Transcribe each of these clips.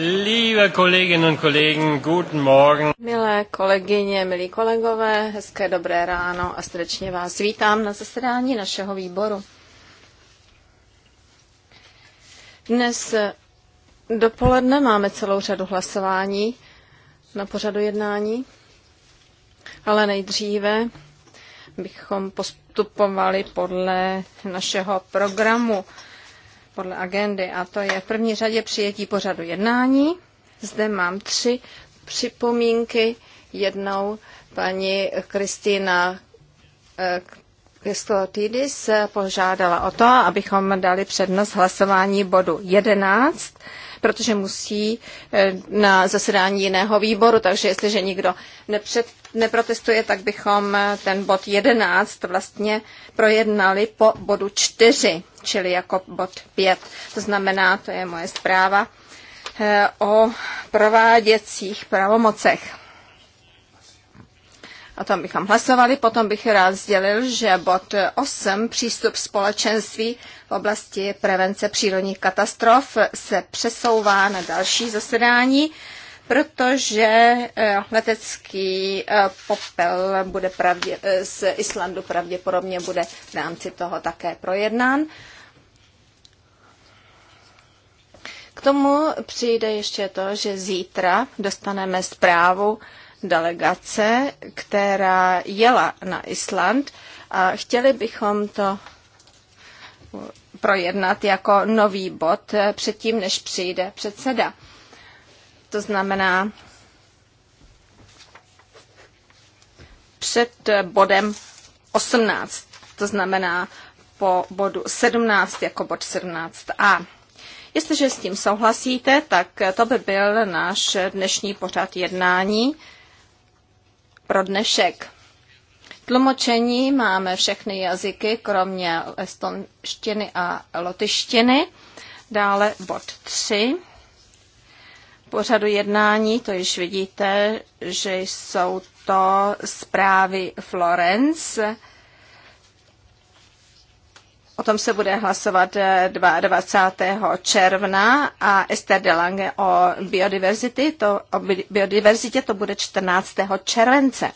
Liebe Kolleginnen und Kollegen, guten Morgen. Milé kolegyně, milí kolegové, hezké dobré ráno a srdečně vás vítám na zasedání našeho výboru. Dnes dopoledne máme celou řadu hlasování na pořadu jednání, ale nejdříve bychom postupovali podle našeho programu podle agendy a to je v první řadě přijetí pořadu jednání. Zde mám tři připomínky. Jednou paní Kristýna Kristotidis eh, požádala o to, abychom dali přednost hlasování bodu 11 protože musí eh, na zasedání jiného výboru, takže jestliže nikdo nepřed, neprotestuje, tak bychom eh, ten bod 11 vlastně projednali po bodu 4, čili jako bod 5. To znamená, to je moje zpráva eh, o prováděcích pravomocech o tom bychom hlasovali. Potom bych rád sdělil, že bod 8, přístup společenství v oblasti prevence přírodních katastrof, se přesouvá na další zasedání, protože eh, letecký eh, popel bude pravdě, eh, z Islandu pravděpodobně bude v rámci toho také projednán. K tomu přijde ještě to, že zítra dostaneme zprávu delegace, která jela na Island a chtěli bychom to projednat jako nový bod předtím, než přijde předseda. To znamená před bodem 18, to znamená po bodu 17 jako bod 17a. Jestliže s tím souhlasíte, tak to by byl náš dnešní pořad jednání pro dnešek. Tlumočení máme všechny jazyky, kromě estonštiny a lotyštiny. Dále bod 3. Pořadu jednání, to již vidíte, že jsou to zprávy Florence O tom se bude hlasovat 22. Eh, června a Esther de Lange o, biodiverzity, to, o biodiverzitě to bude 14. července.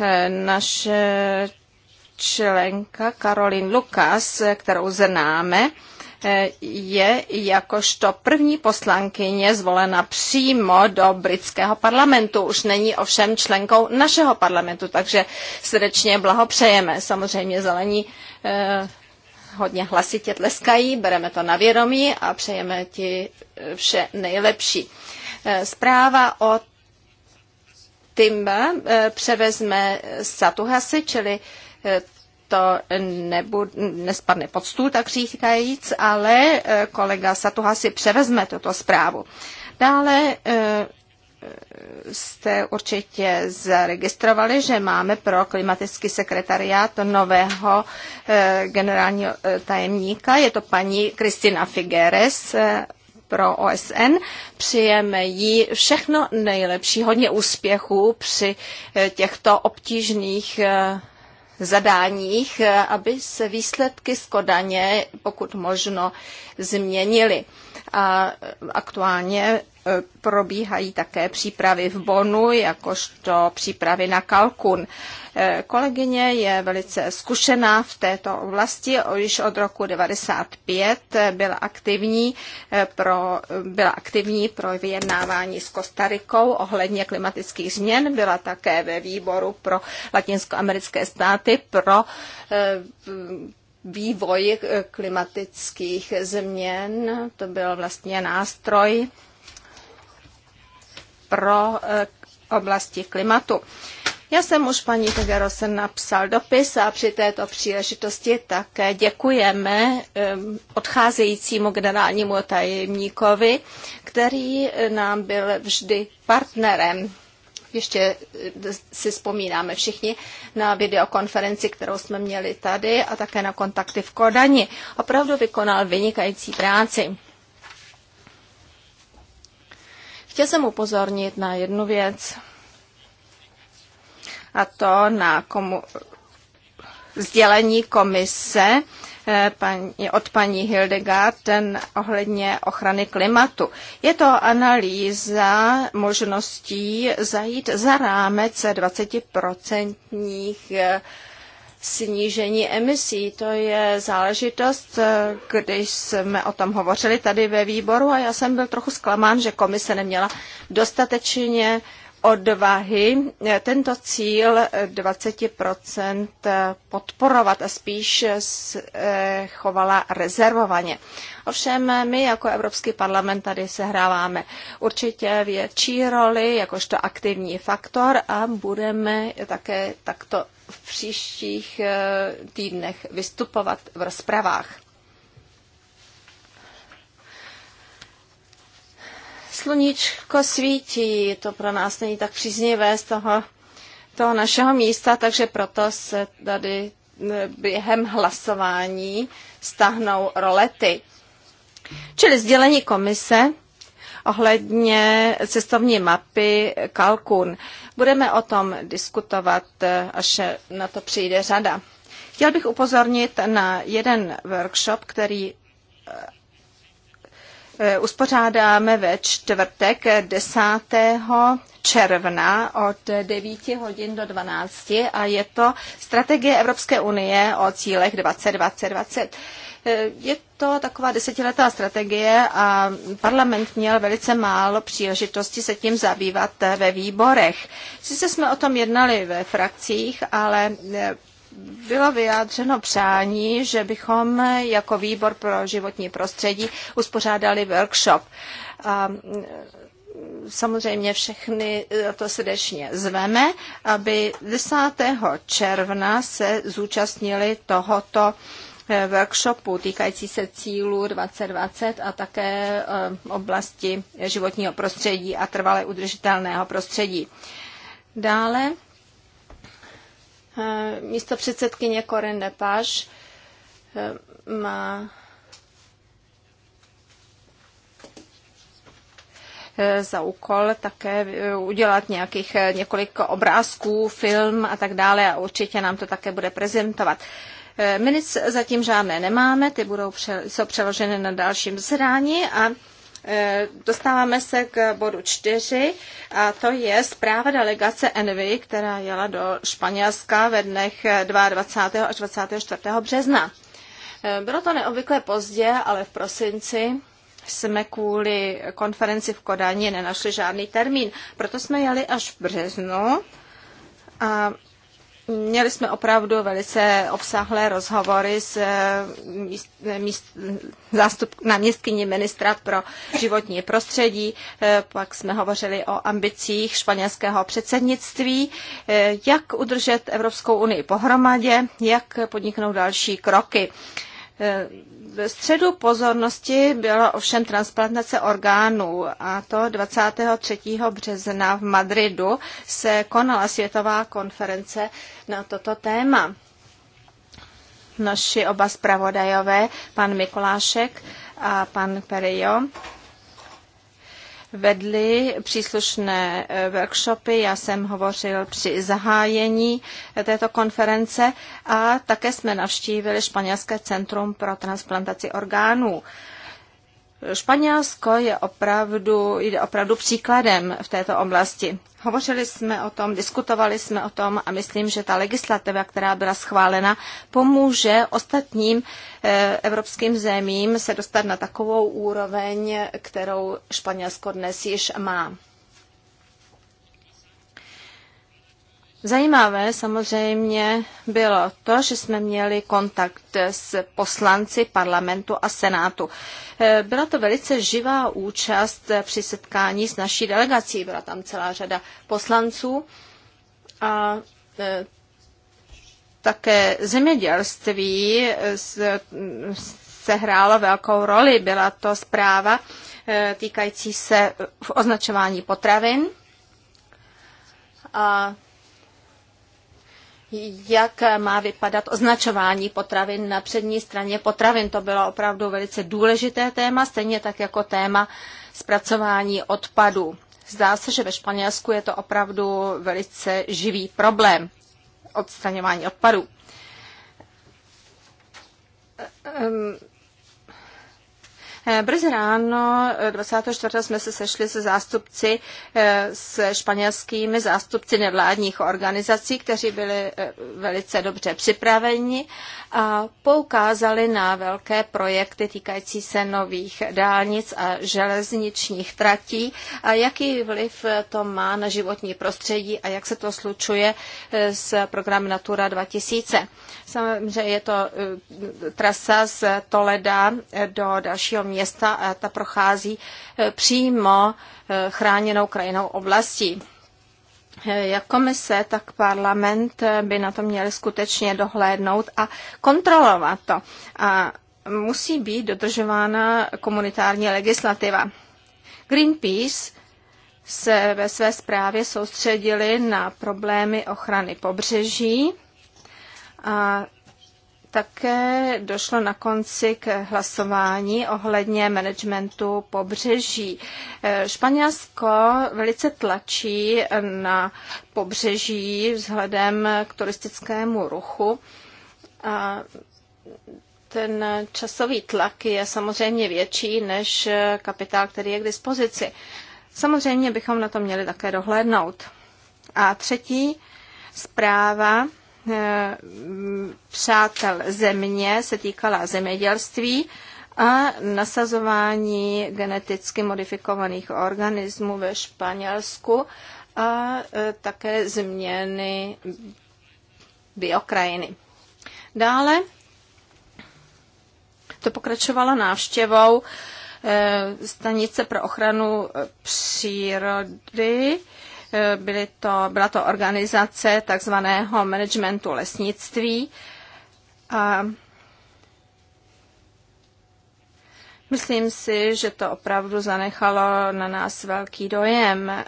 Eh, naše členka Karolin Lukas, eh, kterou známe, E, je jakožto první poslankyně zvolena přímo do britského parlamentu. Už není ovšem členkou našeho parlamentu, takže srdečně blahopřejeme. Samozřejmě zelení e, hodně hlasitě tleskají, bereme to na vědomí a přejeme ti e, vše nejlepší. Zpráva o Timba převezme Satuhasi, čili to nebud, nespadne pod stůl, tak říkajíc, ale eh, kolega Satuha si převezme tuto zprávu. Dále eh, jste určitě zaregistrovali, že máme pro klimatický sekretariát nového eh, generálního tajemníka. Je to paní Kristina Figueres pro OSN. Přijeme jí všechno nejlepší, hodně úspěchů při těchto obtížných zadáních, eh, aby se výsledky z Kodaně pokud možno změnily. A aktuálně probíhají také přípravy v Bonu, jakožto přípravy na Kalkun. Eh, kolegyně je velice zkušená v této oblasti, již od roku 95 byla aktivní eh, pro, byla aktivní pro vyjednávání s Kostarikou ohledně klimatických změn, byla také ve výboru pro latinskoamerické státy pro eh, vývoj klimatických změn. To byl vlastně nástroj pro eh, oblasti klimatu. Já jsem už paní Tegerosen napsal dopis a při této příležitosti také děkujeme eh, odcházejícímu generálnímu tajemníkovi, který eh, nám byl vždy partnerem. Ještě si vzpomínáme všichni na videokonferenci, kterou jsme měli tady a také na kontakty v Kodani. Opravdu vykonal vynikající práci. Chtěl jsem upozornit na jednu věc, a to na komu- sdělení komise eh, paní, od paní ten ohledně ochrany klimatu. Je to analýza možností zajít za rámec 20% snížení emisí. To je záležitost, eh, když jsme o tom hovořili tady ve výboru a já jsem byl trochu zklamán, že komise neměla dostatečně odvahy tento cíl 20% podporovat a spíš eh, chovala rezervovaně. Ovšem my jako Evropský parlament tady sehráváme určitě větší roli jakožto aktivní faktor a budeme také takto v příštích eh, týdnech vystupovat v rozpravách. sluníčko svítí, to pro nás není tak příznivé z toho, toho našeho místa, takže proto se tady e, během hlasování stahnou rolety. Čili sdělení komise ohledně cestovní mapy Kalkun. Budeme o tom diskutovat, e, až na to přijde řada. Chtěl bych upozornit na jeden workshop, který e, Eh, uspořádáme ve čtvrtek 10 června od 9 hodin do 12 a je to strategie Evropské unie o cílech 2020-2020. Eh, je to taková desetiletá strategie a parlament měl velice málo příležitosti se tím zabývat eh, ve výborech. Sice jsme o tom jednali ve frakcích, ale bylo vyjádřeno přání, že bychom jako výbor pro životní prostředí uspořádali workshop. A samozřejmě všechny e, to srdečně zveme, aby 10. června se zúčastnili tohoto e, workshopu týkající se cílů 2020 a také e, oblasti životního prostředí a trvale udržitelného prostředí. Dále Eh, místo předsedkyně Corinne Lepage eh, má eh, za úkol také udělat nějakých několik obrázků, film a tak dále a určitě nám to také bude prezentovat. Minic zatím žádné nemáme, ty budou, jsou přeloženy na dalším zrání a Eh, dostáváme se k bodu čtyři a to je zpráva delegace Envy, která jela do Španělska ve dnech 22. až 24. března. Eh, bylo to neobvykle pozdě, ale v prosinci jsme kvůli konferenci v Kodani nenašli žádný termín. Proto jsme jeli až v březnu a Měli jsme opravdu velice obsáhlé rozhovory s eh, míst, eh, míst, zástup, náměstkyní ministra pro životní prostředí. Eh, pak jsme hovořili o ambicích španělského předsednictví, jak udržet Evropskou unii pohromadě, jak podniknout další kroky. Eh, v středu pozornosti byla ovšem transplantace orgánů a to 23. března v Madridu se konala světová konference na toto téma. Naši oba zpravodajové, pan Mikulášek a pan Perio, vedli příslušné eh, workshopy. Já jsem hovořil při zahájení eh, této konference a také jsme navštívili Španělské centrum pro transplantaci orgánů. Španělsko je opravdu, jde opravdu příkladem v této oblasti. Hovořili jsme o tom, diskutovali jsme o tom a myslím, že ta legislativa, která byla schválena, pomůže ostatním eh, evropským zemím se dostat na takovou úroveň, kterou Španělsko dnes již má. Zajímavé samozřejmě bylo to, že jsme měli kontakt s poslanci parlamentu a senátu. Eh, byla to velice živá účast při setkání s naší delegací. Byla tam celá řada poslanců a eh, také zemědělství sehrálo velkou roli. Byla to zpráva eh, týkající se označování potravin. A jak má vypadat označování potravin na přední straně potravin. To bylo opravdu velice důležité téma, stejně tak jako téma zpracování odpadů. Zdá se, že ve Španělsku je to opravdu velice živý problém odstraňování odpadů. Ehm, Eh, brzy ráno 24. Eh, jsme se sešli se zástupci, eh, s španělskými zástupci nevládních organizací, kteří byli velice dobře připraveni a poukázali na velké projekty týkající se nových dálnic a železničních tratí a jaký vliv to má na životní prostředí a jak se to slučuje s programem Natura 2000. Samozřejmě je to trasa z Toleda do dalšího města města a ta prochází eh, přímo eh, chráněnou krajinou oblastí. Eh, jak komise, tak parlament by na to měli skutečně dohlédnout a kontrolovat to. A musí být dodržována komunitární legislativa. Greenpeace se ve své zprávě soustředili na problémy ochrany pobřeží a také došlo na konci k hlasování ohledně managementu pobřeží. Eh, Španělsko velice tlačí na pobřeží vzhledem k turistickému ruchu. A ten časový tlak je samozřejmě větší než kapitál, který je k dispozici. Samozřejmě bychom na to měli také dohlédnout. A třetí zpráva Eh, přátel země se týkala zemědělství a nasazování geneticky modifikovaných organismů ve Španělsku a eh, také změny biokrajiny. Dále to pokračovalo návštěvou eh, stanice pro ochranu přírody Eh, byly to, byla to organizace takzvaného managementu lesnictví. A myslím si, že to opravdu zanechalo na nás velký dojem,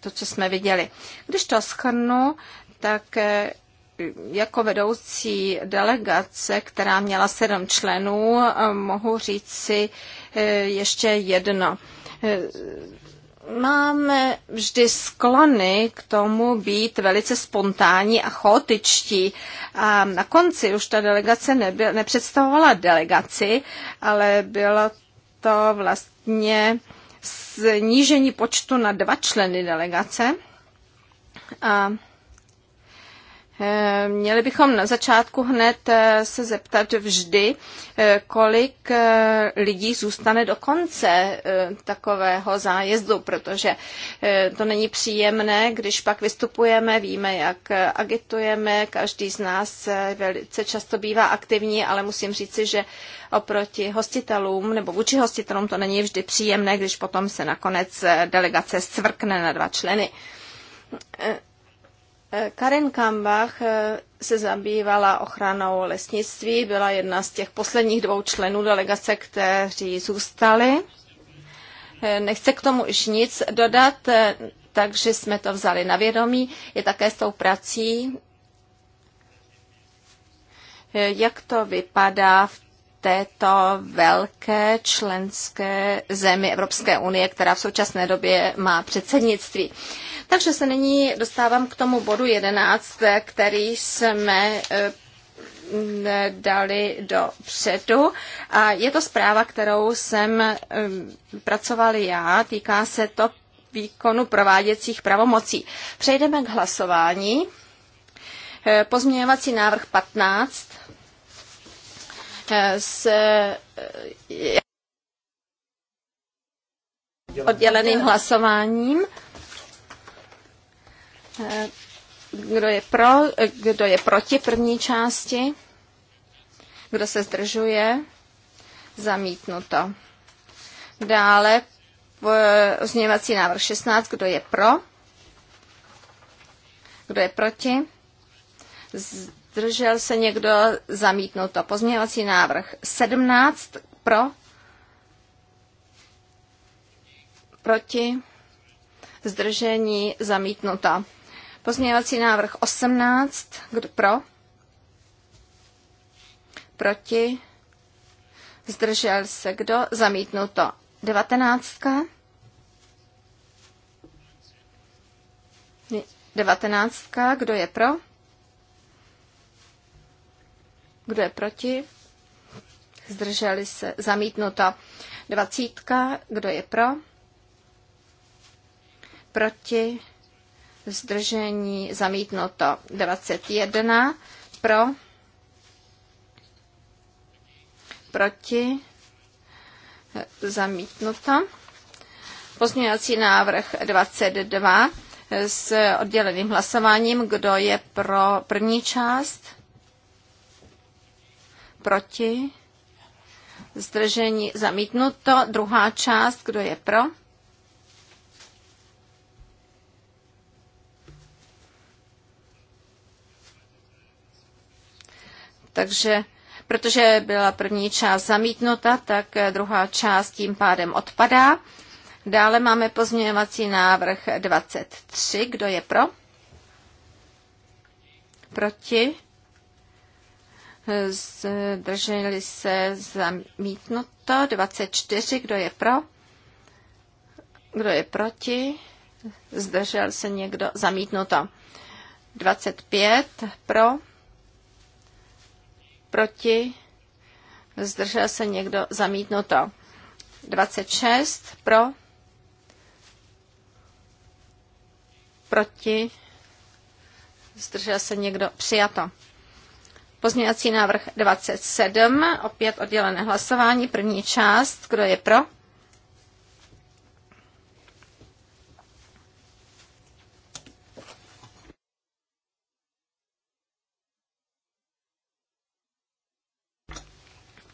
to, co jsme viděli. Když to schrnu, tak eh, jako vedoucí delegace, která měla sedm členů, eh, mohu říct si ještě jedno máme vždy sklony k tomu být velice spontánní a chaotičtí. A na konci už ta delegace nebyl, nepředstavovala delegaci, ale bylo to vlastně snížení počtu na dva členy delegace. A Eh, měli bychom na začátku hned eh, se zeptat vždy, eh, kolik lidí zůstane do konce takového zájezdu, protože to není příjemné, když pak vystupujeme, víme, jak agitujeme, každý z nás velice často bývá aktivní, ale musím říci, že oproti hostitelům nebo vůči hostitelům to není vždy příjemné, když potom se nakonec delegace svrkne na dva členy Karen Kambach eh, se zabývala ochranou lesnictví, byla jedna z těch posledních dvou členů delegace, kteří zůstali. Eh, nechce k tomu už nic dodat, eh, takže jsme to vzali na vědomí. Je také s tou prací, jak to vypadá v této velké členské zemi Evropské unie, která v současné době má předsednictví. Takže se nyní dostávám k tomu bodu 11, který jsme eh, dali do předu. A je to zpráva, kterou jsem eh, pracoval já, týká se to výkonu prováděcích pravomocí. Přejdeme k hlasování. Eh, pozměňovací návrh 15 s odděleným hlasováním. Eh, kdo je pro, eh, kdo je proti první části? Kdo se zdržuje? Zamítnuto. Dále eh, pozměňovací návrh 16. Kdo je pro? Kdo je proti? Zdržel se někdo? Zamítnuto. Pozměňovací návrh 17. Pro? Proti? Zdržení? Zamítnuto. Pozměňovací návrh 18. Kdo pro? Proti? Zdržel se kdo? Zamítnuto. 19. 19. Kdo je pro? Kdo je proti? Zdrželi se. Zamítnuto. 20. Kdo je pro? Proti? zdržení, zamítnuto 21, pro, proti, zamítnuto. Pozměňovací návrh 22 s odděleným hlasováním, kdo je pro první část, proti, zdržení, zamítnuto, druhá část, kdo je pro, Takže protože byla první část zamítnuta, tak druhá část tím pádem odpadá. Dále máme pozměňovací návrh 23. Kdo je pro? Proti? Zdrželi se zamítnuto. 24. Kdo je pro? Kdo je proti? Zdržel se někdo? Zamítnuto. 25. Pro? proti, zdržel se někdo, zamítnuto. 26 pro, proti, zdržel se někdo, přijato. Pozměňovací návrh 27, opět oddělené hlasování, první část, kdo je pro?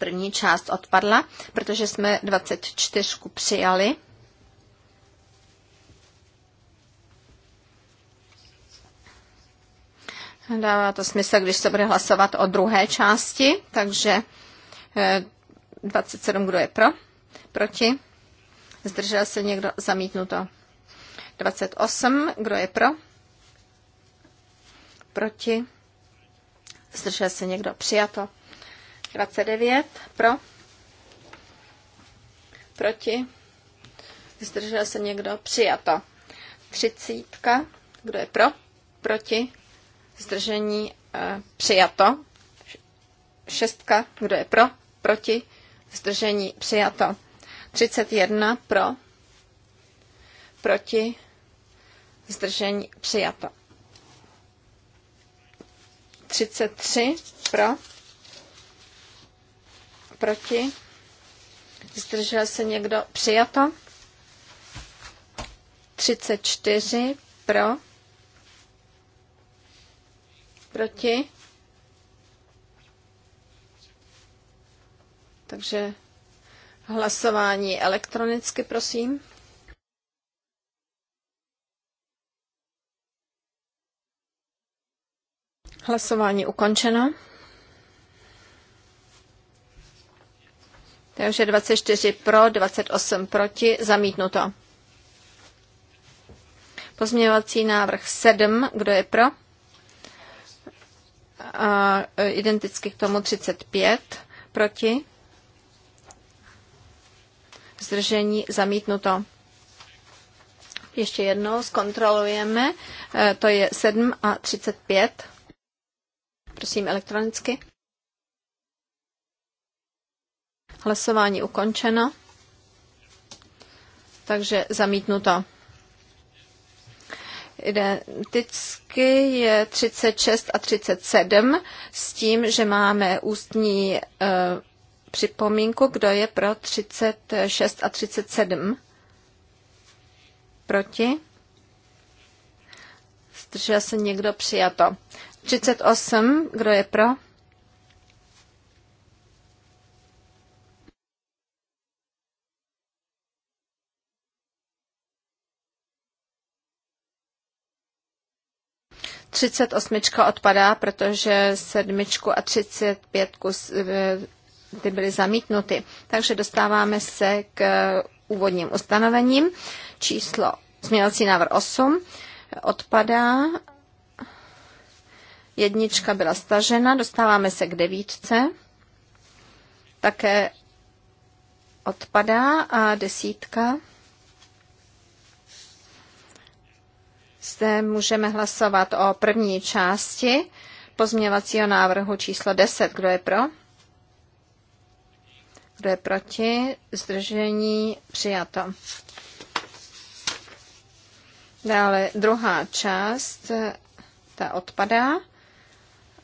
první část odpadla, protože jsme 24 přijali. Dává to smysl, když se bude hlasovat o druhé části, takže 27, eh, kdo je pro, proti, zdržel se někdo, zamítnuto. 28, kdo je pro, proti, zdržel se někdo, přijato. 29 pro, proti, zdržel se někdo, přijato. 30, kdo je pro, proti, zdržení, e, přijato. 6. kdo je pro, proti, zdržení, přijato. 31 pro, proti, zdržení, přijato. 33 pro, Proti? Zdržel se někdo? Přijato? 34 pro? Proti? Takže hlasování elektronicky, prosím. Hlasování ukončeno. Takže 24 pro, 28 proti, zamítnuto. Pozměňovací návrh 7, kdo je pro? A e, identicky k tomu 35 proti. Zdržení zamítnuto. Ještě jednou zkontrolujeme, e, to je 7 a 35. Prosím elektronicky. Hlasování ukončeno. Takže zamítnuto. Identicky je 36 a 37 s tím, že máme ústní e, připomínku, kdo je pro 36 a 37. Proti? Zdržel se někdo přijato. 38, kdo je pro? 38 odpadá, protože sedmičku a 35 e, ty byly zamítnuty. Takže dostáváme se k úvodním ustanovením. Číslo změnací návrh 8 odpadá. Jednička byla stažena, dostáváme se k devítce. Také odpadá a desítka Zde můžeme hlasovat o první části pozměvacího návrhu číslo 10. Kdo je pro? Kdo je proti? Zdržení přijato. Dále druhá část, ta odpadá.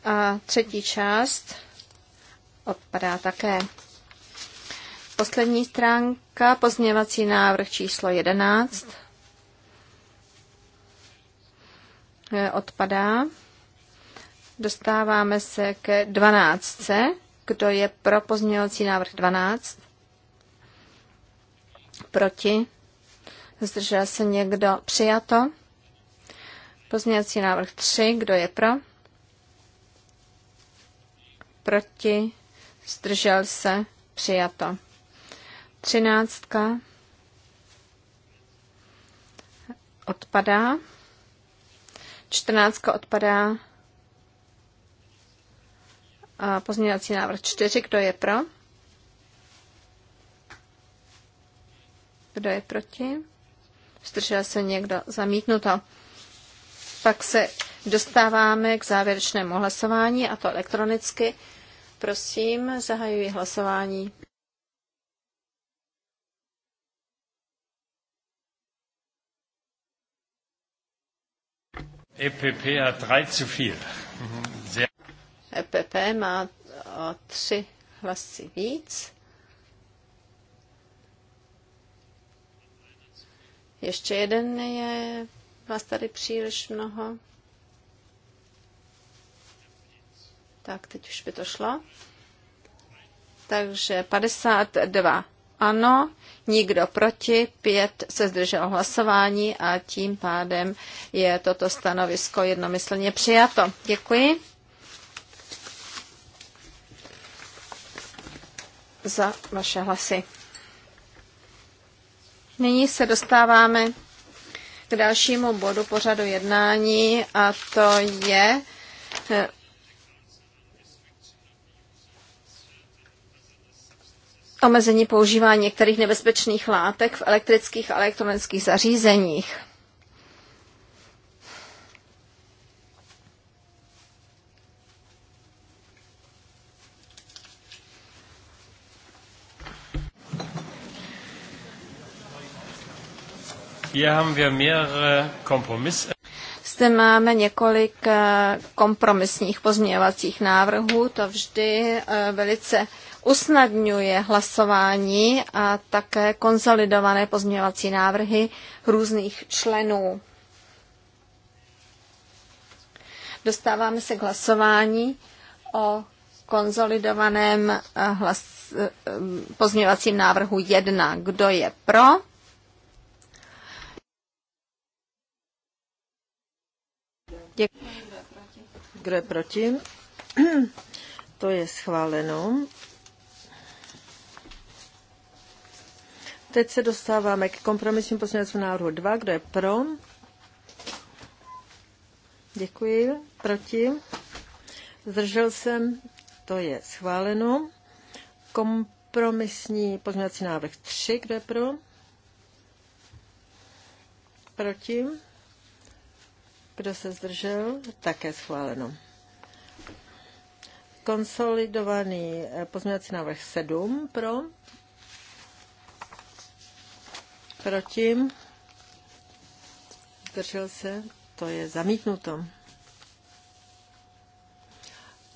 A třetí část odpadá také. Poslední stránka, pozměvací návrh číslo 11. odpadá. Dostáváme se k 12. Kdo je pro pozměňovací návrh 12? Proti? Zdržel se někdo? Přijato. Pozměňovací návrh 3. Kdo je pro? Proti? Zdržel se? Přijato. Třináctka odpadá. Čtrnáctka odpadá. A pozměňovací návrh 4. Kdo je pro? Kdo je proti? Zdržel se někdo? Zamítnuto. Pak se dostáváme k závěrečnému hlasování, a to elektronicky. Prosím, zahajuji hlasování. EPP a 3 zu EPP e má o tři hlasy víc. Ještě jeden je vás tady příliš mnoho. Tak, teď už by to šlo. Takže 52 ano, nikdo proti, pět se zdržel hlasování a tím pádem je toto stanovisko jednomyslně přijato. Děkuji. za vaše hlasy. Nyní se dostáváme k dalšímu bodu pořadu jednání a to je eh, omezení používání některých nebezpečných látek v elektrických a elektronických zařízeních. Hier haben wir mehrere Kompromiss zde máme několik eh, kompromisních pozměňovacích návrhů. To vždy eh, velice usnadňuje hlasování a také konsolidované pozměňovací návrhy různých členů. Dostáváme se k hlasování o konsolidovaném eh, hlas, pozměňovacím návrhu 1. Kdo je pro? Děkuji. Kdo je proti? To je schváleno. Teď se dostáváme k kompromisním pozměňovacímu návrhu 2. Kdo je pro? Děkuji. Proti? Zdržel jsem. To je schváleno. Kompromisní pozměňovací návrh 3. Kdo je pro? Proti? Kdo se zdržel? Také schváleno. Konsolidovaný eh, pozměňovací návrh 7 pro. Proti. Zdržel se. To je zamítnuto.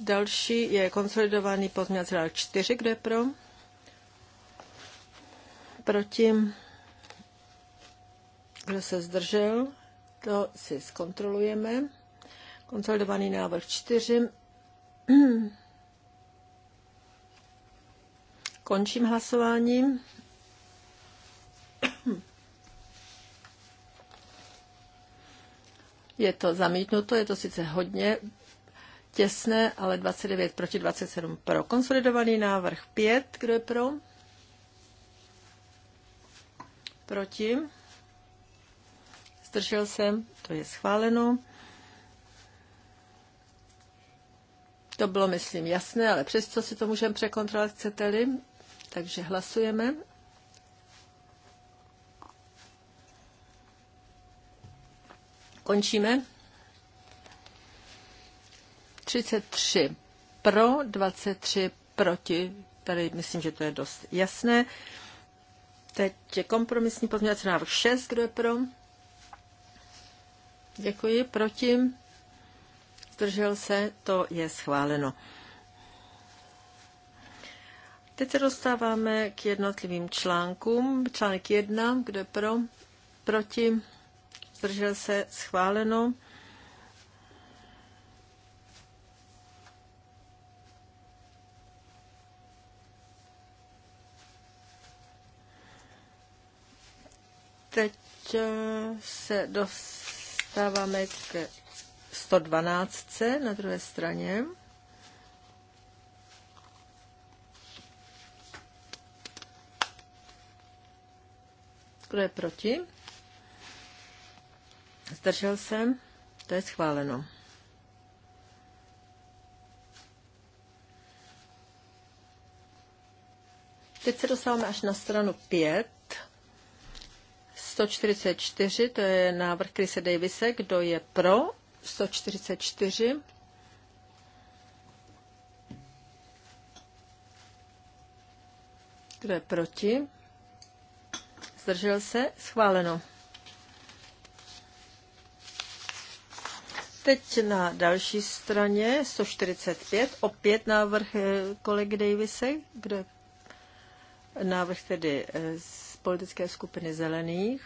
Další je konsolidovaný pozměňovací návrh 4. Kdo je pro? Proti. Kdo se zdržel? To si zkontrolujeme. Konsolidovaný návrh 4. Končím hlasování. Je to zamítnuto, je to sice hodně těsné, ale 29 proti 27 pro. Konsolidovaný návrh 5, kdo je pro? Proti? zdržel se, to je schváleno. To bylo, myslím, jasné, ale přesto si to můžeme překontrolovat, chcete-li. Takže hlasujeme. Končíme. 33 pro, 23 proti, tady myslím, že to je dost jasné. Teď je kompromisní pozměňovací návrh 6, kdo je pro, Děkuji. Proti? Zdržel se? To je schváleno. Teď se dostáváme k jednotlivým článkům. Článek 1, kde pro, proti, zdržel se, schváleno. Teď eh, se dostáváme dostáváme k 112 na druhé straně. Kdo je proti? Zdržel jsem? To je schváleno. Teď se dostáváme až na stranu 5. 144, to je návrh Krise Davise. Kdo je pro? 144. Kdo je proti? Zdržel se? Schváleno. Teď na další straně 145, opět návrh eh, kolegy Davise, kde návrh tedy eh, z politické skupiny zelených.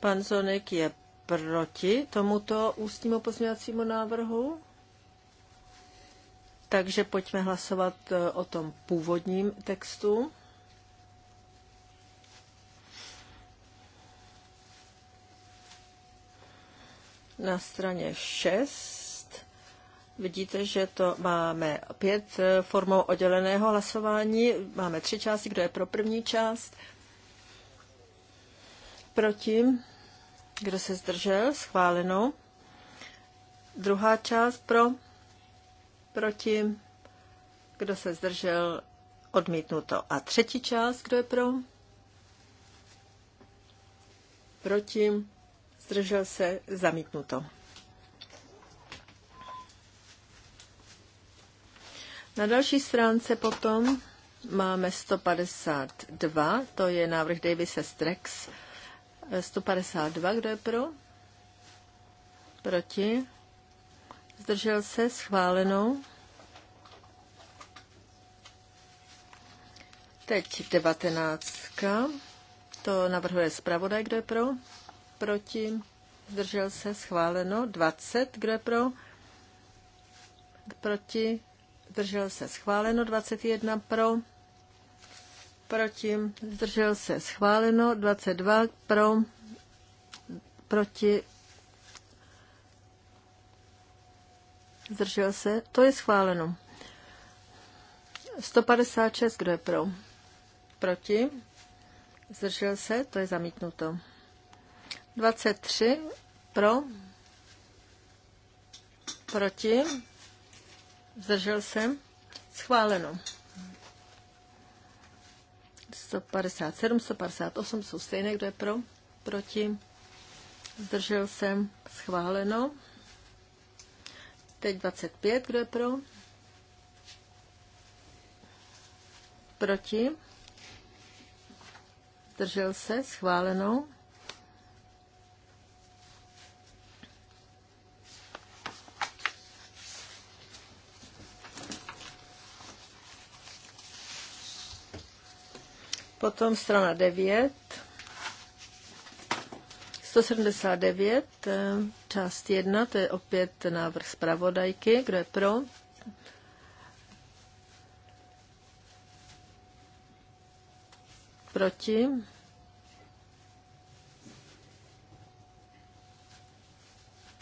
Pan Zonek je proti tomuto ústnímu pozměňovacímu návrhu. Takže pojďme hlasovat e, o tom původním textu. Na straně 6 Vidíte, že to máme opět eh, formou odděleného hlasování. Máme tři části. Kdo je pro první část? Proti? Kdo se zdržel? Schváleno. Druhá část pro? Proti? Kdo se zdržel? Odmítnuto. A třetí část, kdo je pro? Proti? Zdržel se? Zamítnuto. Na další stránce potom máme 152, to je návrh Davise Strex. 152, kdo je pro? Proti? Zdržel se schválenou. Teď 19. To navrhuje zpravodaj, kdo je pro? Proti? Zdržel se schváleno. 20, kdo je pro? Proti? zdržel se schváleno 21 pro, proti, zdržel se schváleno 22 pro, proti, zdržel se, to je schváleno. 156, kdo je pro? Proti, zdržel se, to je zamítnuto. 23 pro, proti, Zdržel se? Schváleno. 157, 158 jsou stejné. Kdo je pro? Proti? Zdržel se? Schváleno. Teď 25. Kdo je pro? Proti? Zdržel se? Schváleno. Potom strana 9, 179, eh, část 1, to je opět návrh zpravodajky, kdo je pro. Proti.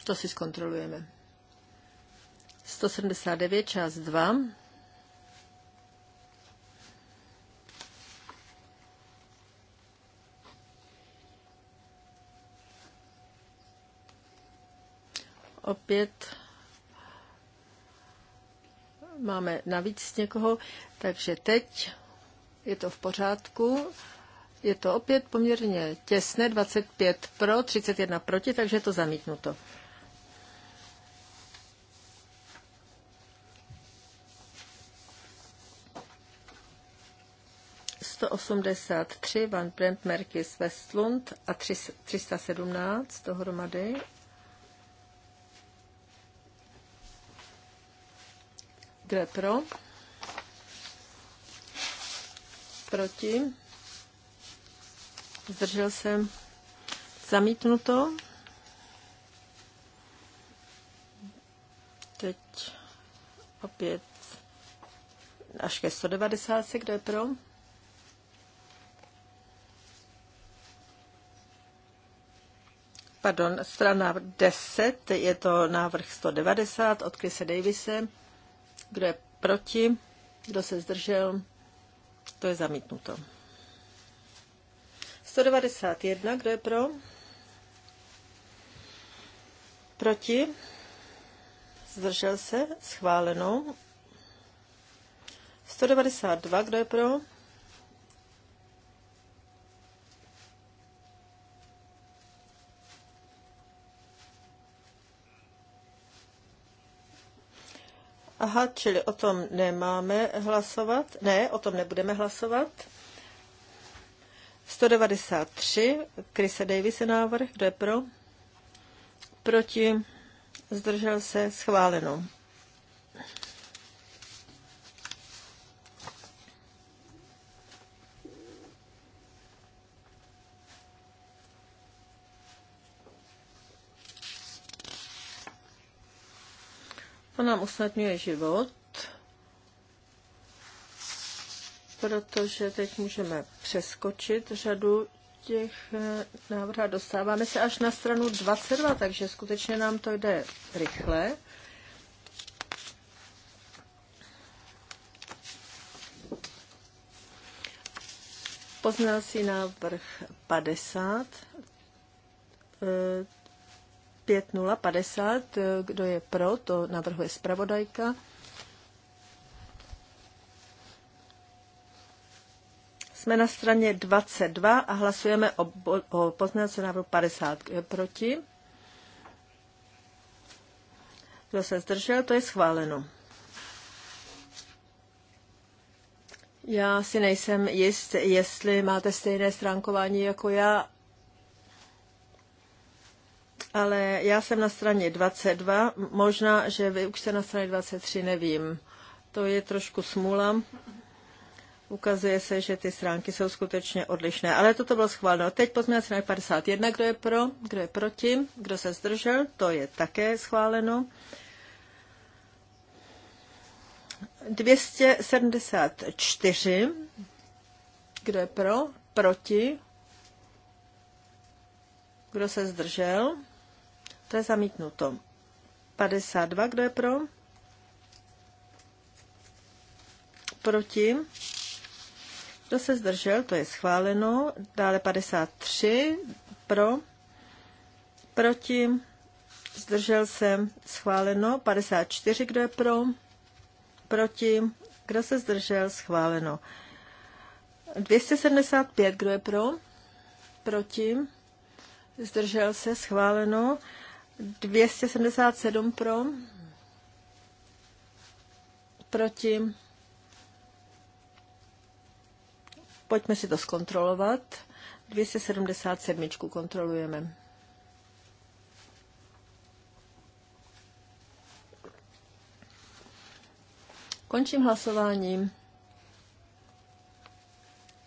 To si zkontrolujeme. 179, část 2. opět máme navíc někoho, takže teď je to v pořádku. Je to opět poměrně těsné, 25 pro, 31 proti, takže je to zamítnuto. tři Van Brent Merkis Westlund a 317 dohromady Kdo pro? Proti? Zdržel se. Zamítnuto. Teď opět až ke 190. Kdo je pro? Pardon, strana 10, je to návrh 190 od Krise Davise. Kdo je proti? Kdo se zdržel? To je zamítnuto. 191. Kdo je pro? Proti? Zdržel se? Schváleno. 192. Kdo je pro? Aha, čili o tom nemáme hlasovat. Ne, o tom nebudeme hlasovat. 193, Krise je návrh, kdo je pro? Proti, zdržel se, schváleno. To nám usnadňuje život, protože teď můžeme přeskočit řadu těch eh, návrhů. Dostáváme se až na stranu 22, takže skutečně nám to jde rychle. Poznal si návrh 50. 5.050, kdo je pro, to navrhuje zpravodajka. Jsme na straně 22 a hlasujeme o, o pozměňovacím návrhu 50. Kdo je proti? Kdo se zdržel, to je schváleno. Já si nejsem jist, jestli máte stejné stránkování jako já, ale já jsem na straně 22, možná, že vy už jste na straně 23, nevím. To je trošku smůla. Ukazuje se, že ty stránky jsou skutečně odlišné, ale toto bylo schváleno. Teď pozměňovací návrh 51, kdo je pro, kdo je proti, kdo se zdržel, to je také schváleno. 274, kdo je pro, proti, kdo se zdržel? To je zamítnuto. 52, kdo je pro? Proti? Kdo se zdržel? To je schváleno. Dále 53, pro? Proti? Zdržel se? Schváleno. 54, kdo je pro? Proti? Kdo se zdržel? Schváleno. 275, kdo je pro? Proti? Zdržel se? Schváleno. 277 pro, proti. Pojďme si to zkontrolovat. 277 kontrolujeme. Končím hlasováním.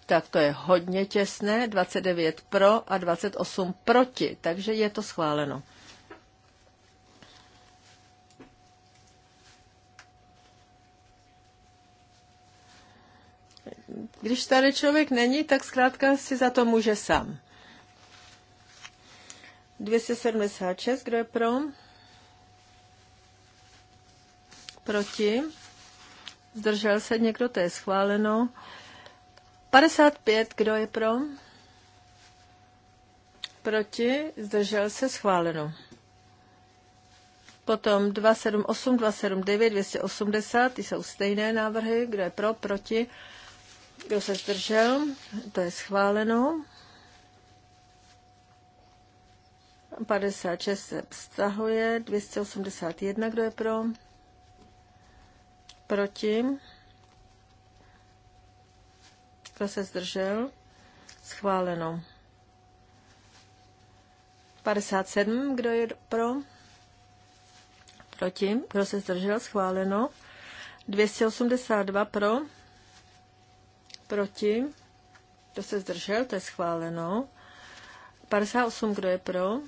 Tak to je hodně těsné, 29 pro a 28 proti, takže je to schváleno. když tady člověk není, tak zkrátka si za to může sám. 276, kdo je pro? Proti? Zdržel se někdo, to je schváleno. 55, kdo je pro? Proti? Zdržel se, schváleno. Potom 278, 279, 280, ty jsou stejné návrhy, kdo je pro, proti? Kdo se zdržel? To je schváleno. 56 se vztahuje. 281, kdo je pro? Proti? Kdo se zdržel? Schváleno. 57, kdo je pro? Proti? Kdo se zdržel? Schváleno. 282 pro? Proti? Kdo se zdržel? To je schváleno. 58, kdo je pro?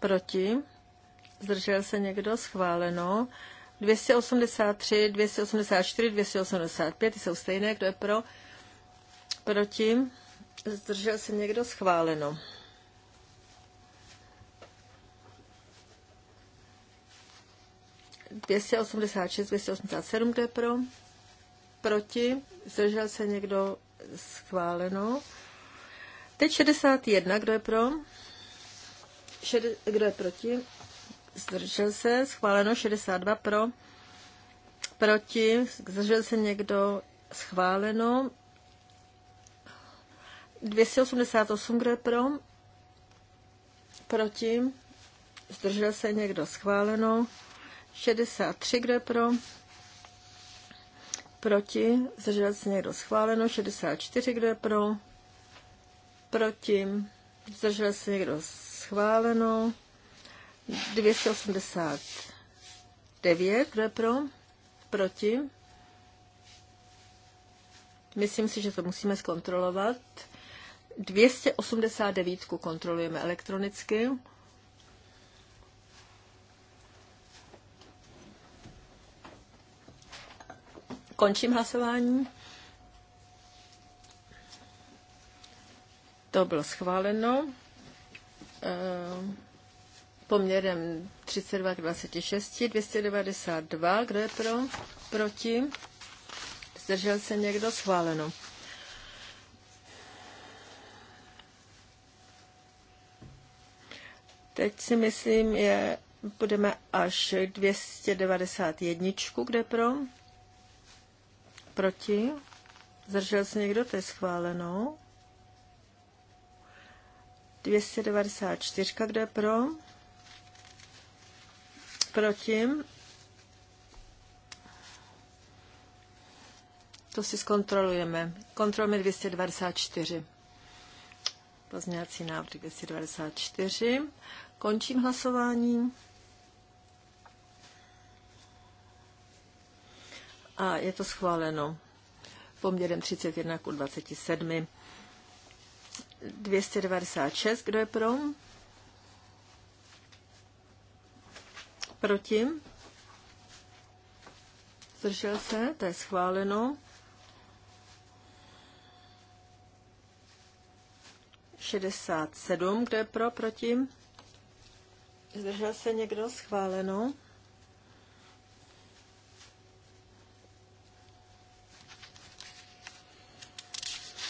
Proti? Zdržel se někdo? Schváleno. 283, 284, 285, ty jsou stejné. Kdo je pro? Proti? Zdržel se někdo? Schváleno. Dvěstě osmdesát šest, dvěstě osmdesát sedm, kdo je pro? proti, zdržel se někdo schváleno. Teď 61, kdo je pro? Šed, kdo je proti? Zdržel se, schváleno 62 pro, proti, zdržel se někdo, schváleno. 288, kdo je pro? Proti, zdržel se někdo, schváleno. 63, kdo je pro? proti, zažívat se někdo schváleno, 64, kdo je pro, proti, zdržel se někdo schváleno, 289, kdo je pro, proti. Myslím si, že to musíme zkontrolovat. 289 kontrolujeme elektronicky. Končím hlasování. To bylo schváleno eh, poměrem 32 26, 292. Kdo je pro? Proti? Zdržel se někdo? Schváleno. Teď si myslím, je, budeme až 291, kde pro, Proti? Zdržel se někdo? To je schváleno. 294, kdo je pro? Proti? To si zkontrolujeme. Kontrolujeme 294. Pozměňovací návrh 294. Končím hlasování. a je to schváleno poměrem 31 ku 27. 296, kdo je pro? Proti? Zdržel se, to je schváleno. 67, kdo je pro, proti? Zdržel se někdo, schváleno.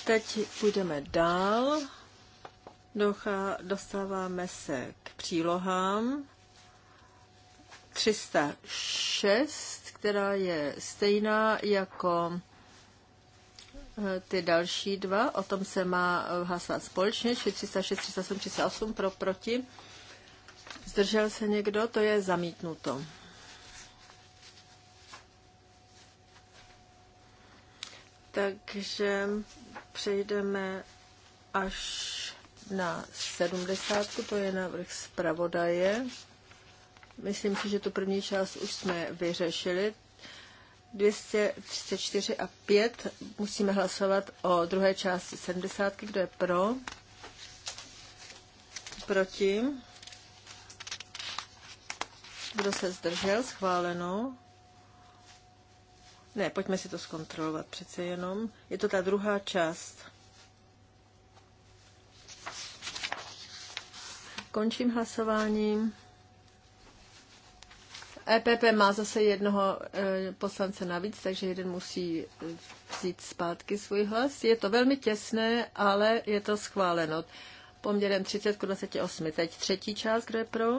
Teď půjdeme dál. Docha, dostáváme se k přílohám 306, která je stejná jako eh, ty další dva. O tom se má eh, hlasovat společně, 306, 308, 308 pro proti. Zdržel se někdo, to je zamítnuto. Takže přejdeme až na sedmdesátku, to je návrh zpravodaje. Myslím si, že tu první část už jsme vyřešili. 234 a 5 musíme hlasovat o druhé části 70, kdo je pro, proti, kdo se zdržel, schváleno. Ne, pojďme si to zkontrolovat přece jenom. Je to ta druhá část. Končím hlasováním. EPP má zase jednoho e, poslance navíc, takže jeden musí vzít zpátky svůj hlas. Je to velmi těsné, ale je to schváleno. Poměrem 30 k 28. Teď třetí část, kdo je pro?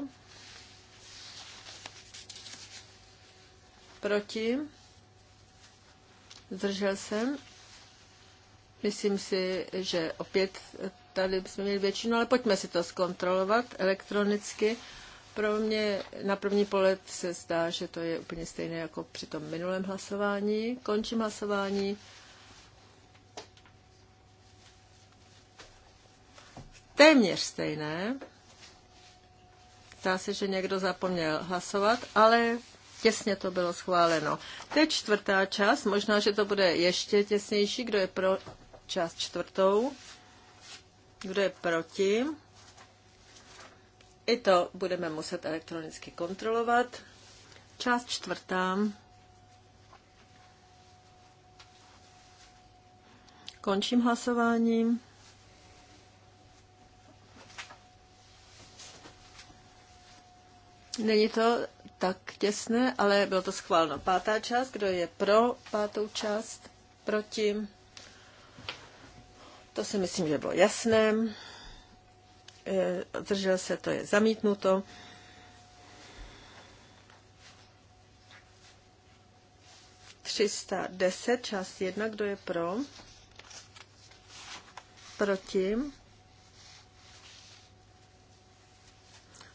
Proti? zdržel jsem. Myslím si, že opět tady bychom měli většinu, ale pojďme si to zkontrolovat elektronicky. Pro mě na první pohled se zdá, že to je úplně stejné jako při tom minulém hlasování. Končím hlasování. Téměř stejné. Zdá se, že někdo zapomněl hlasovat, ale těsně to bylo schváleno. Teď čtvrtá část, možná, že to bude ještě těsnější, kdo je pro část čtvrtou, kdo je proti. I to budeme muset elektronicky kontrolovat. Část čtvrtá. Končím hlasování. Není to tak těsné, ale bylo to schváleno. Pátá část, kdo je pro pátou část, proti. To si myslím, že bylo jasné. Držel se, to je zamítnuto. Třista deset, část jedna, kdo je pro? Proti.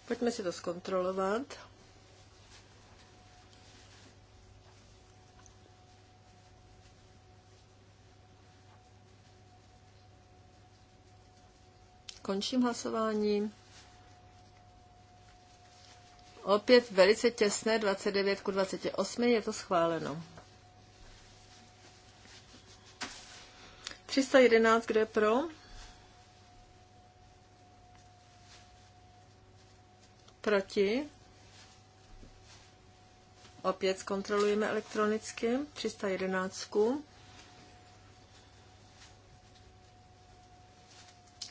Pojďme si to zkontrolovat. Končím hlasování. Opět velice těsné, 29 ku 28, je to schváleno. 311, kde je pro? Proti? Opět zkontrolujeme elektronicky 311.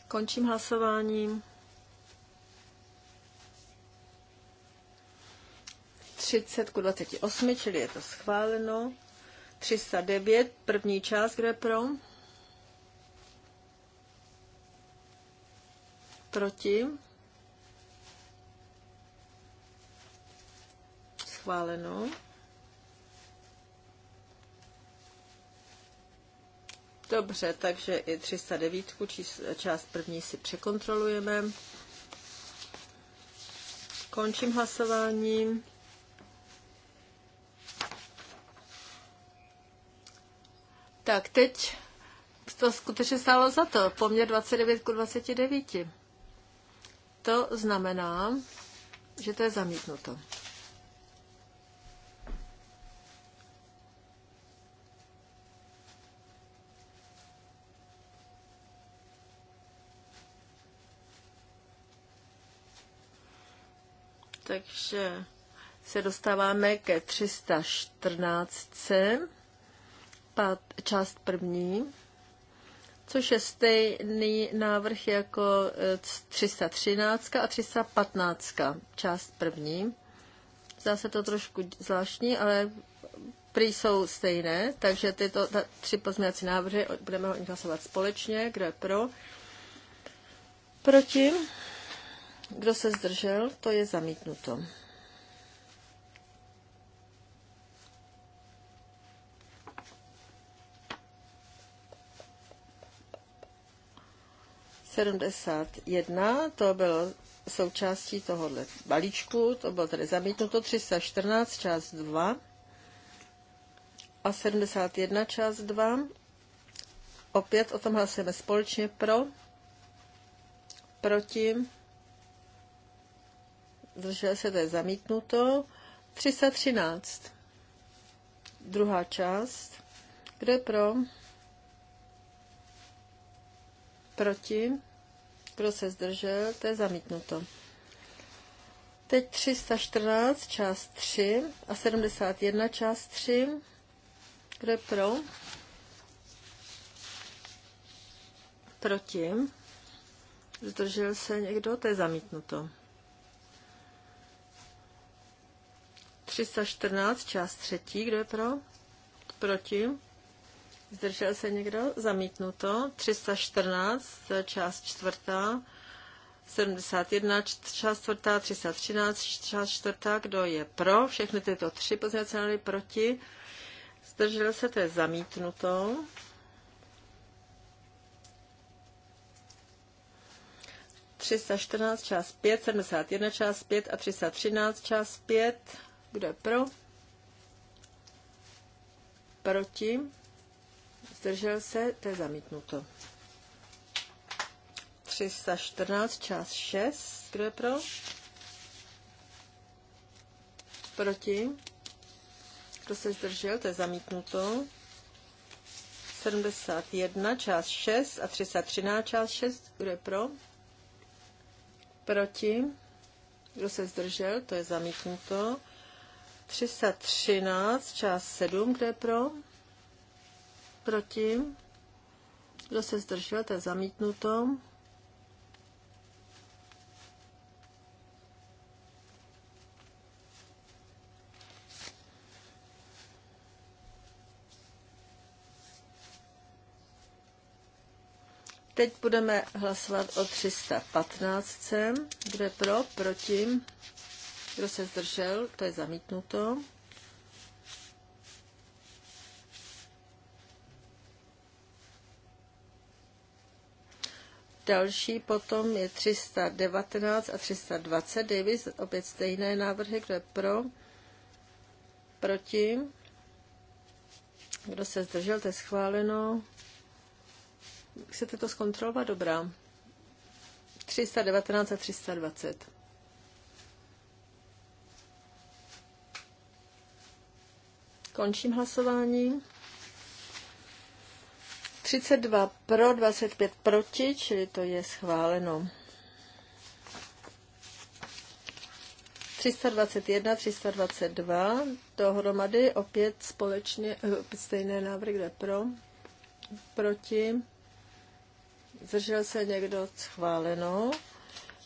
Končím hlasování. 30 ku 28, čili je to schváleno. 309, první část, kde pro? Proti? Schváleno. Dobře, takže i 309, čís, část první si překontrolujeme. Končím hlasování. Tak, teď to skutečně stálo za to. Poměr 29 k 29. To znamená, že to je zamítnuto. takže se dostáváme ke 314. Pát, část první, což je stejný návrh jako 313 e, a 315. Část první. Zdá se to trošku zvláštní, ale prý jsou stejné, takže tyto ta, tři pozměňovací návrhy budeme hlasovat společně. Kdo je pro? Proti? Kdo se zdržel, to je zamítnuto. Sedmdesát to bylo součástí tohohle balíčku, to bylo tedy zamítnuto 314 část 2 a 71 část 2. Opět o tom hlasujeme společně pro, proti, zdržel se, to je zamítnuto. 313. Druhá část. Kde pro? Proti. Kdo se zdržel, to je zamítnuto. Teď 314, část 3 a 71, část 3. kde pro? Proti. Zdržel se někdo, to je zamítnuto. 314, část třetí, kdo je pro? Proti? Zdržel se někdo? Zamítnuto. 314, část čtvrtá. 71, část čtvrtá, 313, část čtvrtá, kdo je pro? Všechny tyto tři pozměňovací proti. Zdržel se, to je zamítnuto. část 5, 71 část 5 a 313 část 5. Kdo je pro? Proti? Zdržel se? To je zamítnuto. 314, část 6. Kdo je pro? Proti? Kdo se zdržel? To je zamítnuto. 71, část 6 a 313, část 6. Kdo je pro? Proti? Kdo se zdržel? To je zamítnuto. 313, část 7, kde je pro? Proti? Kdo se zdržel, to je zamítnuto. Teď budeme hlasovat o 315, kde pro, proti, kdo se zdržel, to je zamítnuto. Další potom je 319 a 320 Davis, opět stejné návrhy, kdo je pro, proti, kdo se zdržel, to je schváleno. Chcete to zkontrolovat? Dobrá. 319 a 320. Končím hlasování. 32 pro, 25 proti, čili to je schváleno. 321, 322 dohromady, opět společně, eh, opět stejné návrhy, kde pro, proti, zdržel se někdo schváleno.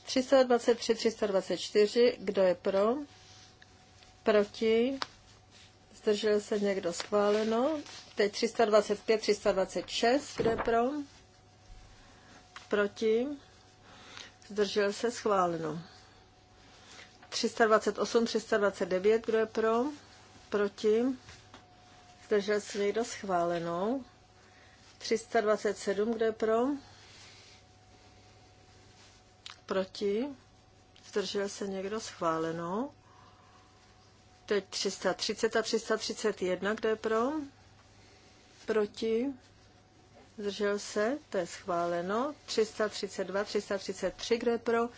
323, 324, kdo je pro, proti, Zdržel se někdo schváleno. Teď 325, 326, kde pro? Proti. Zdržel se schváleno. 328, 329, kdo je pro? Proti. Zdržel se někdo schváleno. 327, kdo je pro? Proti. Zdržel se někdo schváleno. Teď 330 a 331, kde je pro? Proti? Zdržel se? To je schváleno. 332, 333, kde je pro?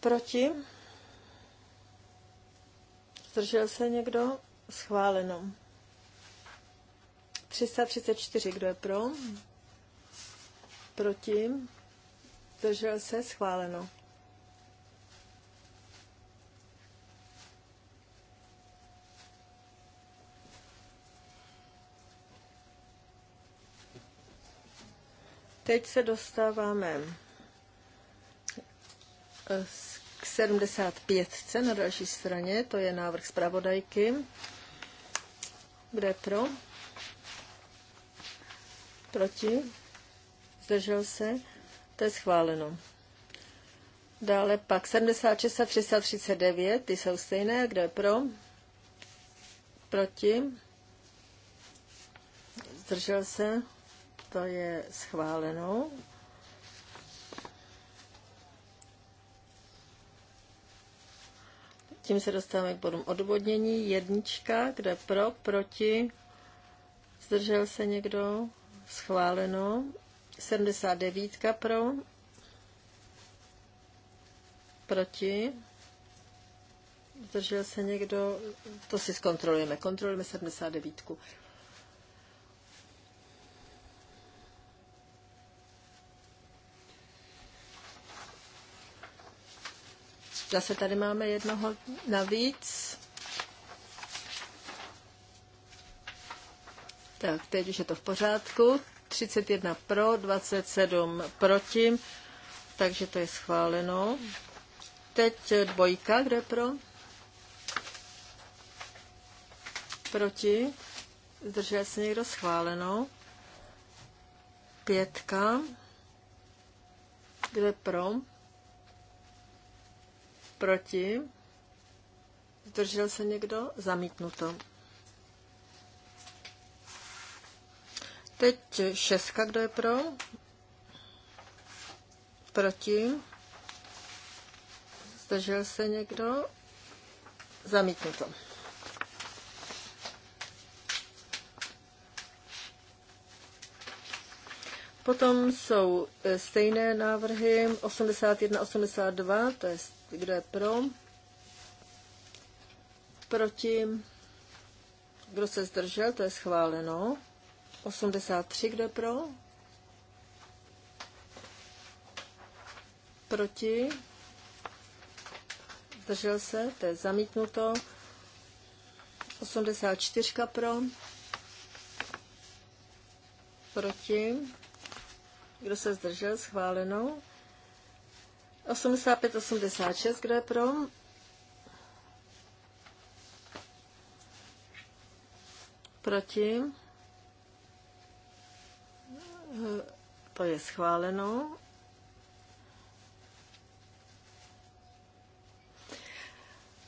Proti? Zdržel se někdo? Schváleno. 334, kdo je pro? Proti? Zdržel se? Schváleno. Teď se dostáváme eh, k 75. na další straně, to je návrh zpravodajky. Kde pro? Proti? Zdržel se? To je schváleno. Dále pak 76 a 339, ty jsou stejné. Kdo je pro? Proti? Zdržel se? to je schváleno. Tím se dostáváme k bodům odvodnění. Jednička, kde pro, proti, zdržel se někdo, schváleno. 79 pro, proti, zdržel se někdo, to si zkontrolujeme, kontrolujeme 79. Zase tady máme jednoho navíc. Tak, teď už je to v pořádku. 31 pro, 27 proti, takže to je schváleno. Teď dvojka, kde pro? Proti. Zdržel se někdo schváleno. Pětka. Kde pro? Proti? Zdržel se někdo? Zamítnuto. Teď šestka, kdo je pro? Proti? Zdržel se někdo? Zamítnuto. Potom jsou e, stejné návrhy 81, 82, to je kdo je pro, proti, kdo se zdržel, to je schváleno. 83, kdo je pro, proti, zdržel se, to je zamítnuto. 84 pro, proti, kdo se zdržel, schváleno. 85, 86, kdo je pro? Proti? To je schváleno.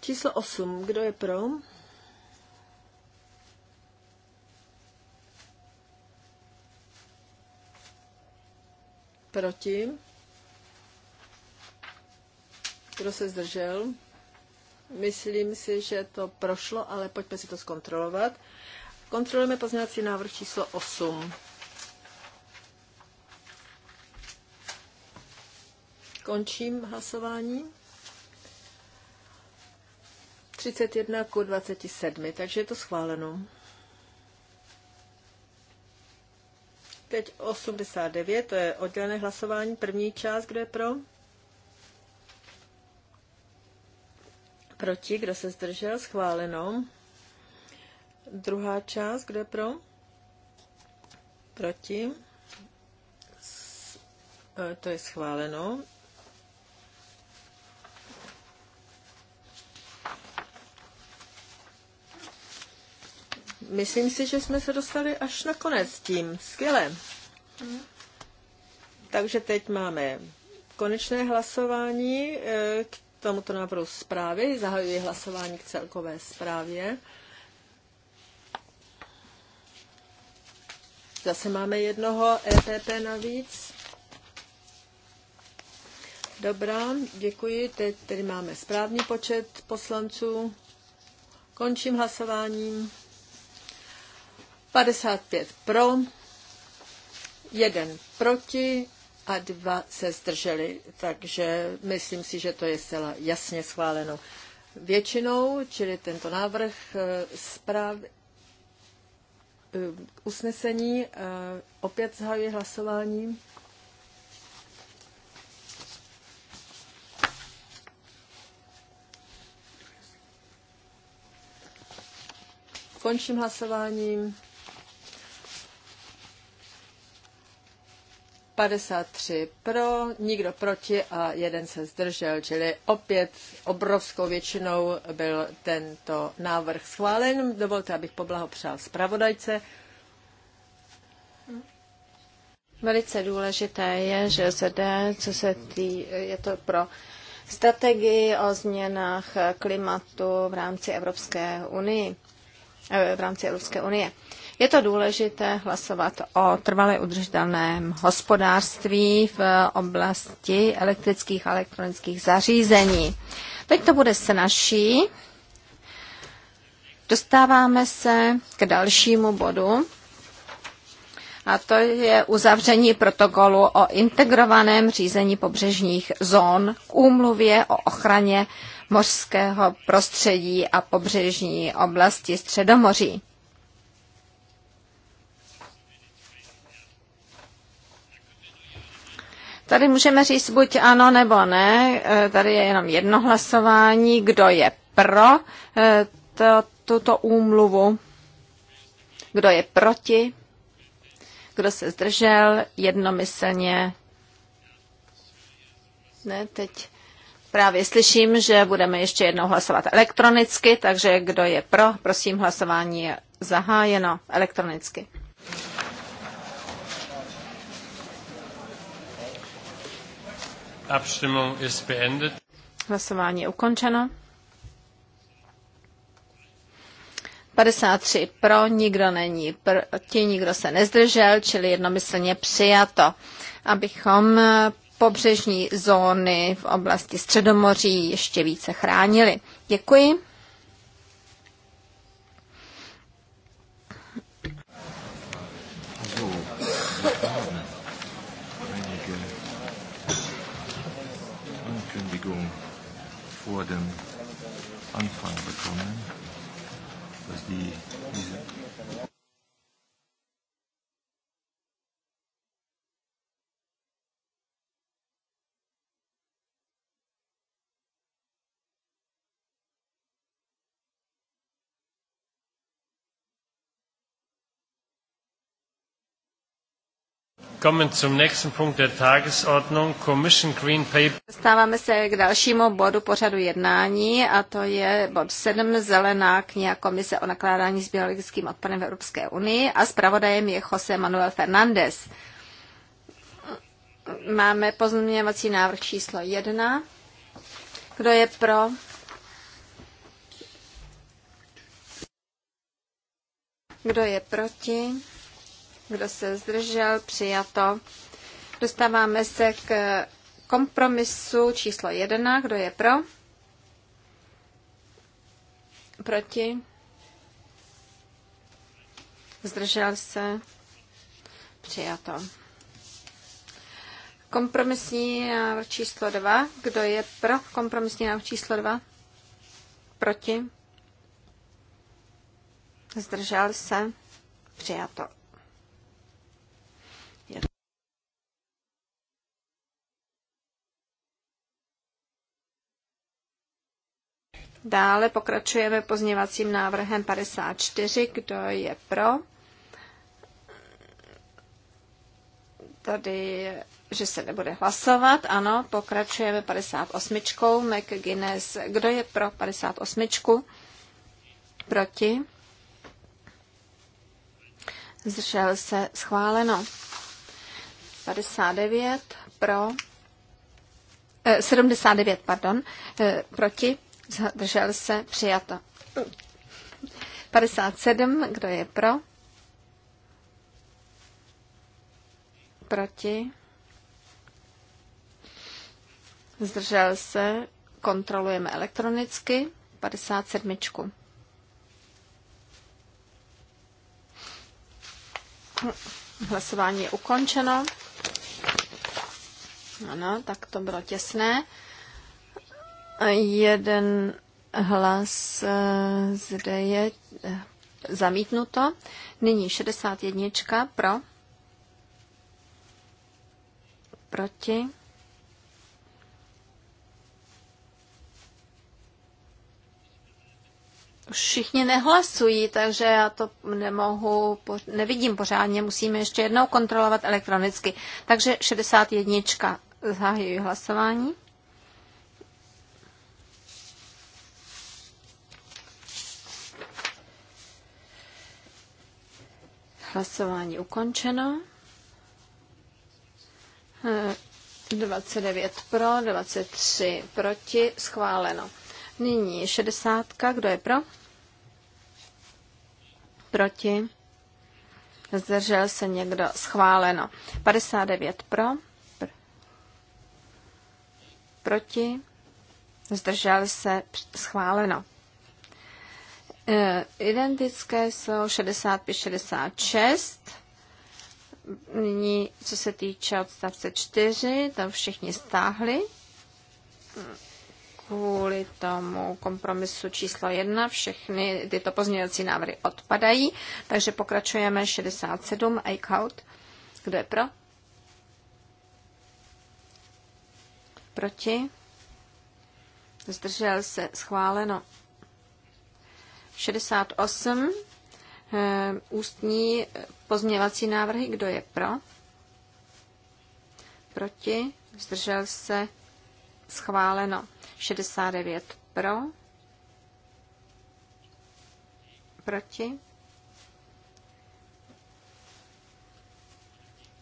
Číslo 8, kdo je pro? Proti? Kdo se zdržel? Myslím si, že to prošlo, ale pojďme si to zkontrolovat. Kontrolujeme pozměňovací návrh číslo 8. Končím hlasování. 31 ku 27, takže je to schváleno. Teď 89, to je oddělené hlasování. První část, kdo je pro? Proti, kdo se zdržel? Schváleno. Druhá část, kdo je pro? Proti. E, to je schváleno. Myslím si, že jsme se dostali až na konec tím. Skvěle. Takže teď máme konečné hlasování k e, tomuto návrhu zprávy. Zahajuji hlasování k celkové zprávě. Zase máme jednoho EPP navíc. Dobrá, děkuji. Teď tedy máme správný počet poslanců. Končím hlasováním. 55 pro, 1 proti, a dva se zdrželi, takže myslím si, že to je zcela jasně schváleno většinou, čili tento návrh eh, zpráv eh, usnesení. Eh, opět zahajuji hlasování. Končím hlasováním. 53 pro, nikdo proti a jeden se zdržel, čili opět obrovskou většinou byl tento návrh schválen. Dovolte, abych poblahopřál zpravodajce. Velice důležité je, že zde, co se tý, je to pro strategii o změnách klimatu v rámci Evropské unie. Eh, v rámci Evropské unie. Je to důležité hlasovat o trvale udržitelném hospodářství v oblasti elektrických a elektronických zařízení. Teď to bude snažší. Dostáváme se k dalšímu bodu a to je uzavření protokolu o integrovaném řízení pobřežních zón k úmluvě o ochraně mořského prostředí a pobřežní oblasti Středomoří. Tady můžeme říct buď ano nebo ne. Eh, tady je jenom jedno hlasování. Kdo je pro eh, to, tuto úmluvu? Kdo je proti? Kdo se zdržel? Jednomyslně. Ne, teď právě slyším, že budeme ještě jednou hlasovat elektronicky, takže kdo je pro, prosím, hlasování je zahájeno elektronicky. Abstimmung ist beendet. Hlasování je ukončeno. 53 pro, nikdo není proti, nikdo se nezdržel, čili jednomyslně přijato, abychom pobřežní zóny v oblasti Středomoří ještě více chránili. Děkuji. So. vor dem Anfang. Dostáváme se k dalšímu bodu pořadu jednání a to je bod 7 Zelená kniha Komise o nakládání s biologickým odpadem v Evropské unii a zpravodajem je Jose Manuel Fernández. Máme pozměňovací návrh číslo 1. Kdo je pro? Kdo je proti? kdo se zdržel, přijato. Dostáváme se k kompromisu číslo 1, kdo je pro, proti, zdržel se, přijato. Kompromisní návrh číslo 2. Kdo je pro kompromisní návrh číslo 2? Proti? Zdržel se? Přijato. Dále pokračujeme pozněvacím návrhem 54. Kdo je pro? Tady, že se nebude hlasovat. Ano, pokračujeme 58. McGuinness. Kdo je pro 58? Proti? Zdržel se schváleno. 59 pro, 79, eh, pardon, eh, proti, zdržel se, přijato. 57, kdo je pro? Proti? Zdržel se, kontrolujeme elektronicky. 57. Hlasování je ukončeno. Ano, tak to bylo těsné. Jeden hlas eh, zde je eh, zamítnuto. Nyní 61 pro. Proti. Všichni nehlasují, takže já to nemohu, nevidím pořádně, musíme ještě jednou kontrolovat elektronicky. Takže 61. Zahajuji hlasování. Hlasování ukončeno. 29 eh, pro, 23 proti, schváleno. Nyní 60. Kdo je pro? Proti. Zdržel se někdo? Schváleno. 59 pro. Pr- proti. Zdržel se? Schváleno. Eh, identické jsou 65-66. Nyní, co se týče odstavce 4, tam všichni stáhli. Kvůli tomu kompromisu číslo 1 všechny tyto pozměňovací návrhy odpadají, takže pokračujeme 67 Eichhout. Kdo je pro? Proti? Zdržel se schváleno. 68. Eh, ústní pozměvací návrhy. Kdo je pro? Proti? Zdržel se? Schváleno. 69 pro? Proti?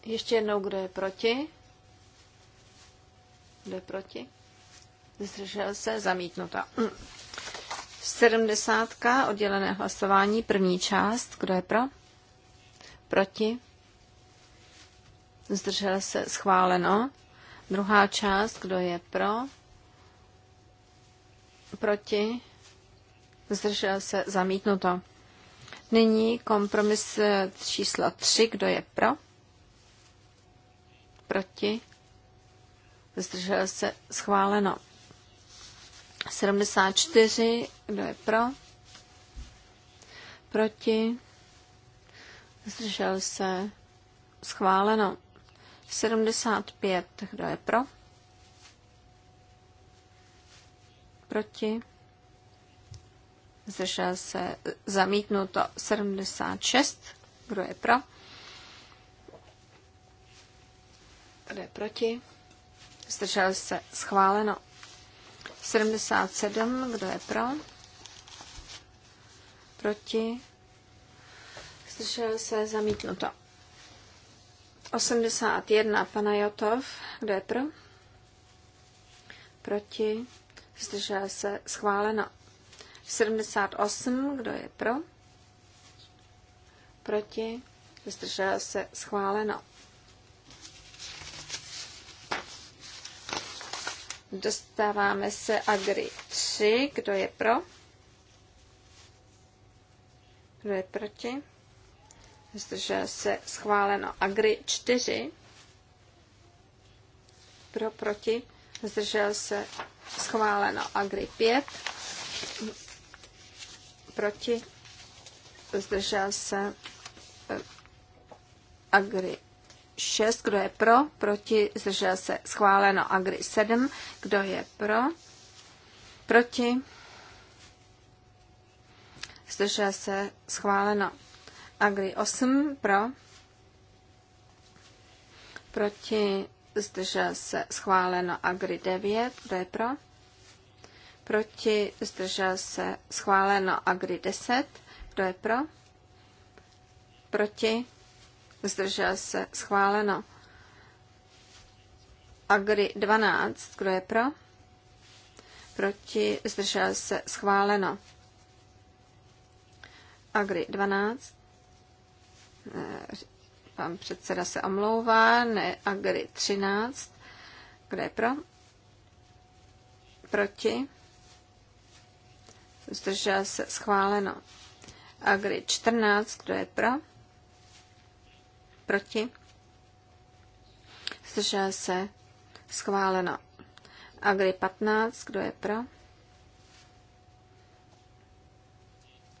Ještě jednou, kdo je proti? Kdo je proti? Zdržel se? Zamítnuto. 70 oddělené hlasování, první část. Kdo je pro? Proti? Zdržel se schváleno. Druhá část, kdo je pro? Proti? Zdržel se zamítnuto. Nyní kompromis eh, číslo 3, kdo je pro? Proti? Zdržel se schváleno. 74 kdo je pro? Proti? Zdržel se? Schváleno. 75. Kdo je pro? Proti? Zdržel se? Zamítnuto. 76. Kdo je pro? Kdo je proti? Zdržel se? Schváleno. 77. Kdo je pro? proti, Slyšel se, zamítnuto. 81 pana Jotov, kdo je pro? Proti, zdržel se, schváleno. 78, kdo je pro? Proti, zdržel se, schváleno. Dostáváme se Agri 3, kdo je pro? Kdo je proti? Zdržel se schváleno. Agri 4. Pro, proti? Zdržel se schváleno. Agri 5. Proti? Zdržel se Agri 6. Kdo je pro? Proti? Zdržel se schváleno. Agri 7. Kdo je pro? Proti? zdržel se, schváleno. Agri 8 pro, proti, zdržel se, schváleno. Agri 9, kdo je pro? Proti, zdržel se, schváleno. Agri 10, kdo je pro? Proti, zdržel se, schváleno. Agri 12, kdo je pro? Proti, zdržel se, schváleno. Agri 12. Eh, pan předseda se omlouvá. Ne, Agri 13. Kdo je pro? Proti? Zdržel se schváleno. Agri 14. Kdo je pro? Proti? Zdržel se schváleno. Agri 15. Kdo je pro?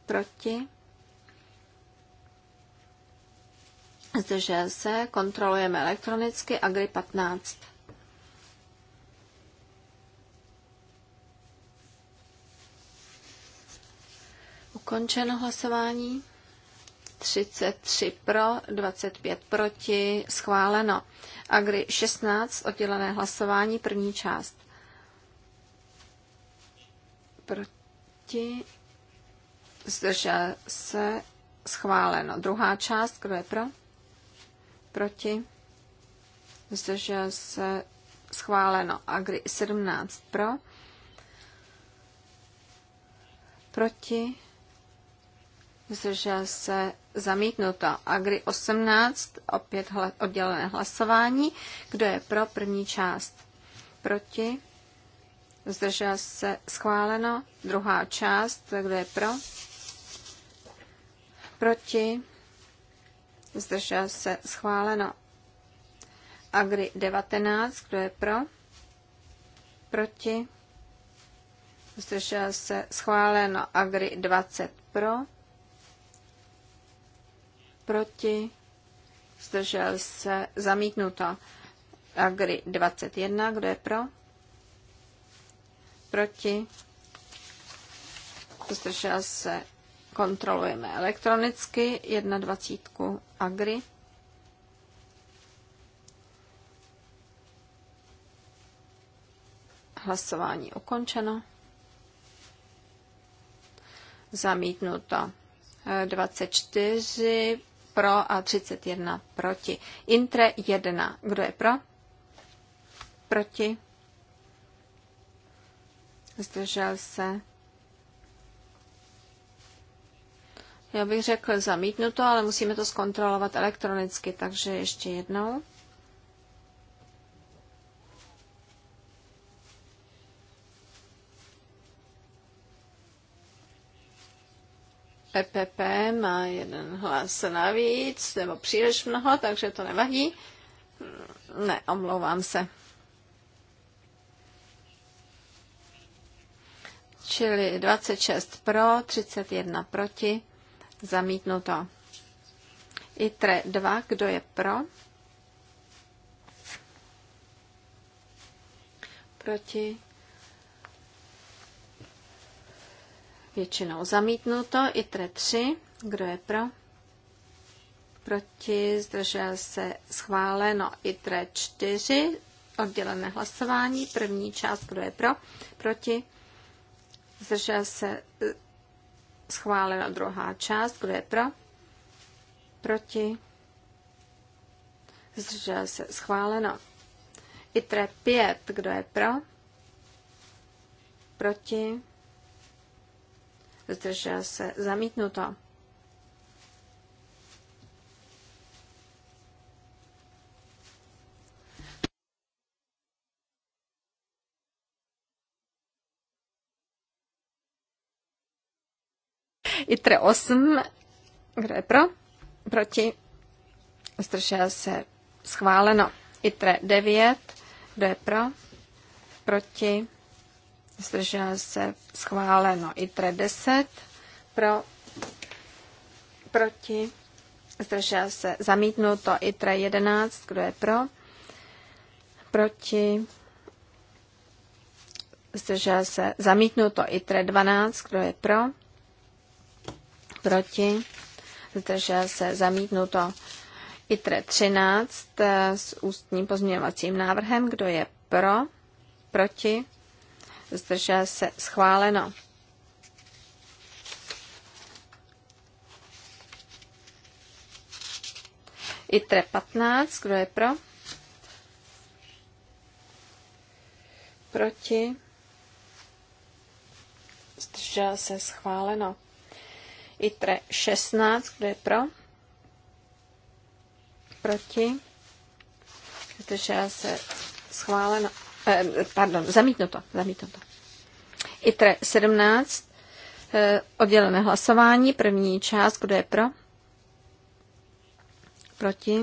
Proti? zdržel se, kontrolujeme elektronicky, Agri 15. Ukončeno hlasování. 33 pro, 25 proti, schváleno. Agri 16, oddělené hlasování, první část. Proti, zdržel se, schváleno. Druhá část, kdo je pro? proti, zdržel se schváleno. Agri 17 pro, proti, zdržel se zamítnuto. Agri 18, opět oddělené hlasování. Kdo je pro první část? Proti, zdržel se schváleno. Druhá část, kdo je pro? Proti, zdržel se schváleno. Agri 19, kdo je pro? Proti? Zdržel se schváleno. Agri 20 pro? Proti? Zdržel se zamítnuto. Agri 21, kdo je pro? Proti? Zdržel se Kontrolujeme elektronicky 21 Agri. Hlasování ukončeno. Zamítnuto 24 pro a 31 proti. Intre 1. Kdo je pro? Proti? Zdržel se Já bych řekl zamítnuto, ale musíme to zkontrolovat elektronicky, takže ještě jednou. PPP má jeden hlas navíc, nebo příliš mnoho, takže to nevadí. Ne, omlouvám se. Čili 26 pro, 31 proti. Zamítnuto. ITRE 2, kdo je pro? Proti? Většinou zamítnuto. ITRE 3, kdo je pro? Proti? Zdržel se schváleno. ITRE 4, oddělené hlasování. První část, kdo je pro? Proti? Zdržel se Schválena druhá část. Kdo je pro? Proti? Zdržel se. Schváleno. ITRE 5. Kdo je pro? Proti? Zdržel se. Zamítnuto. ITR 8, kdo je pro? Proti? Zdržel se schváleno. ITR 9, kdo je pro? Proti? Zdržel se schváleno. ITR 10, pro? Proti? Zdržel se zamítnuto. ITR 11, kdo je pro? Proti? Zdržel se zamítnuto. ITR 12, kdo je pro? proti, zdržel se zamítnuto. ITRE 13 eh, s ústním pozměňovacím návrhem, kdo je pro, proti, zdržel se schváleno. ITRE 15, kdo je pro? Proti? Zdržel se schváleno. ITRE 16, kdo je pro? Proti? Zdržel se schváleno, eh, pardon, zamítnu to. ITRE 17, eh, oddělené hlasování, první část, kdo je pro? Proti?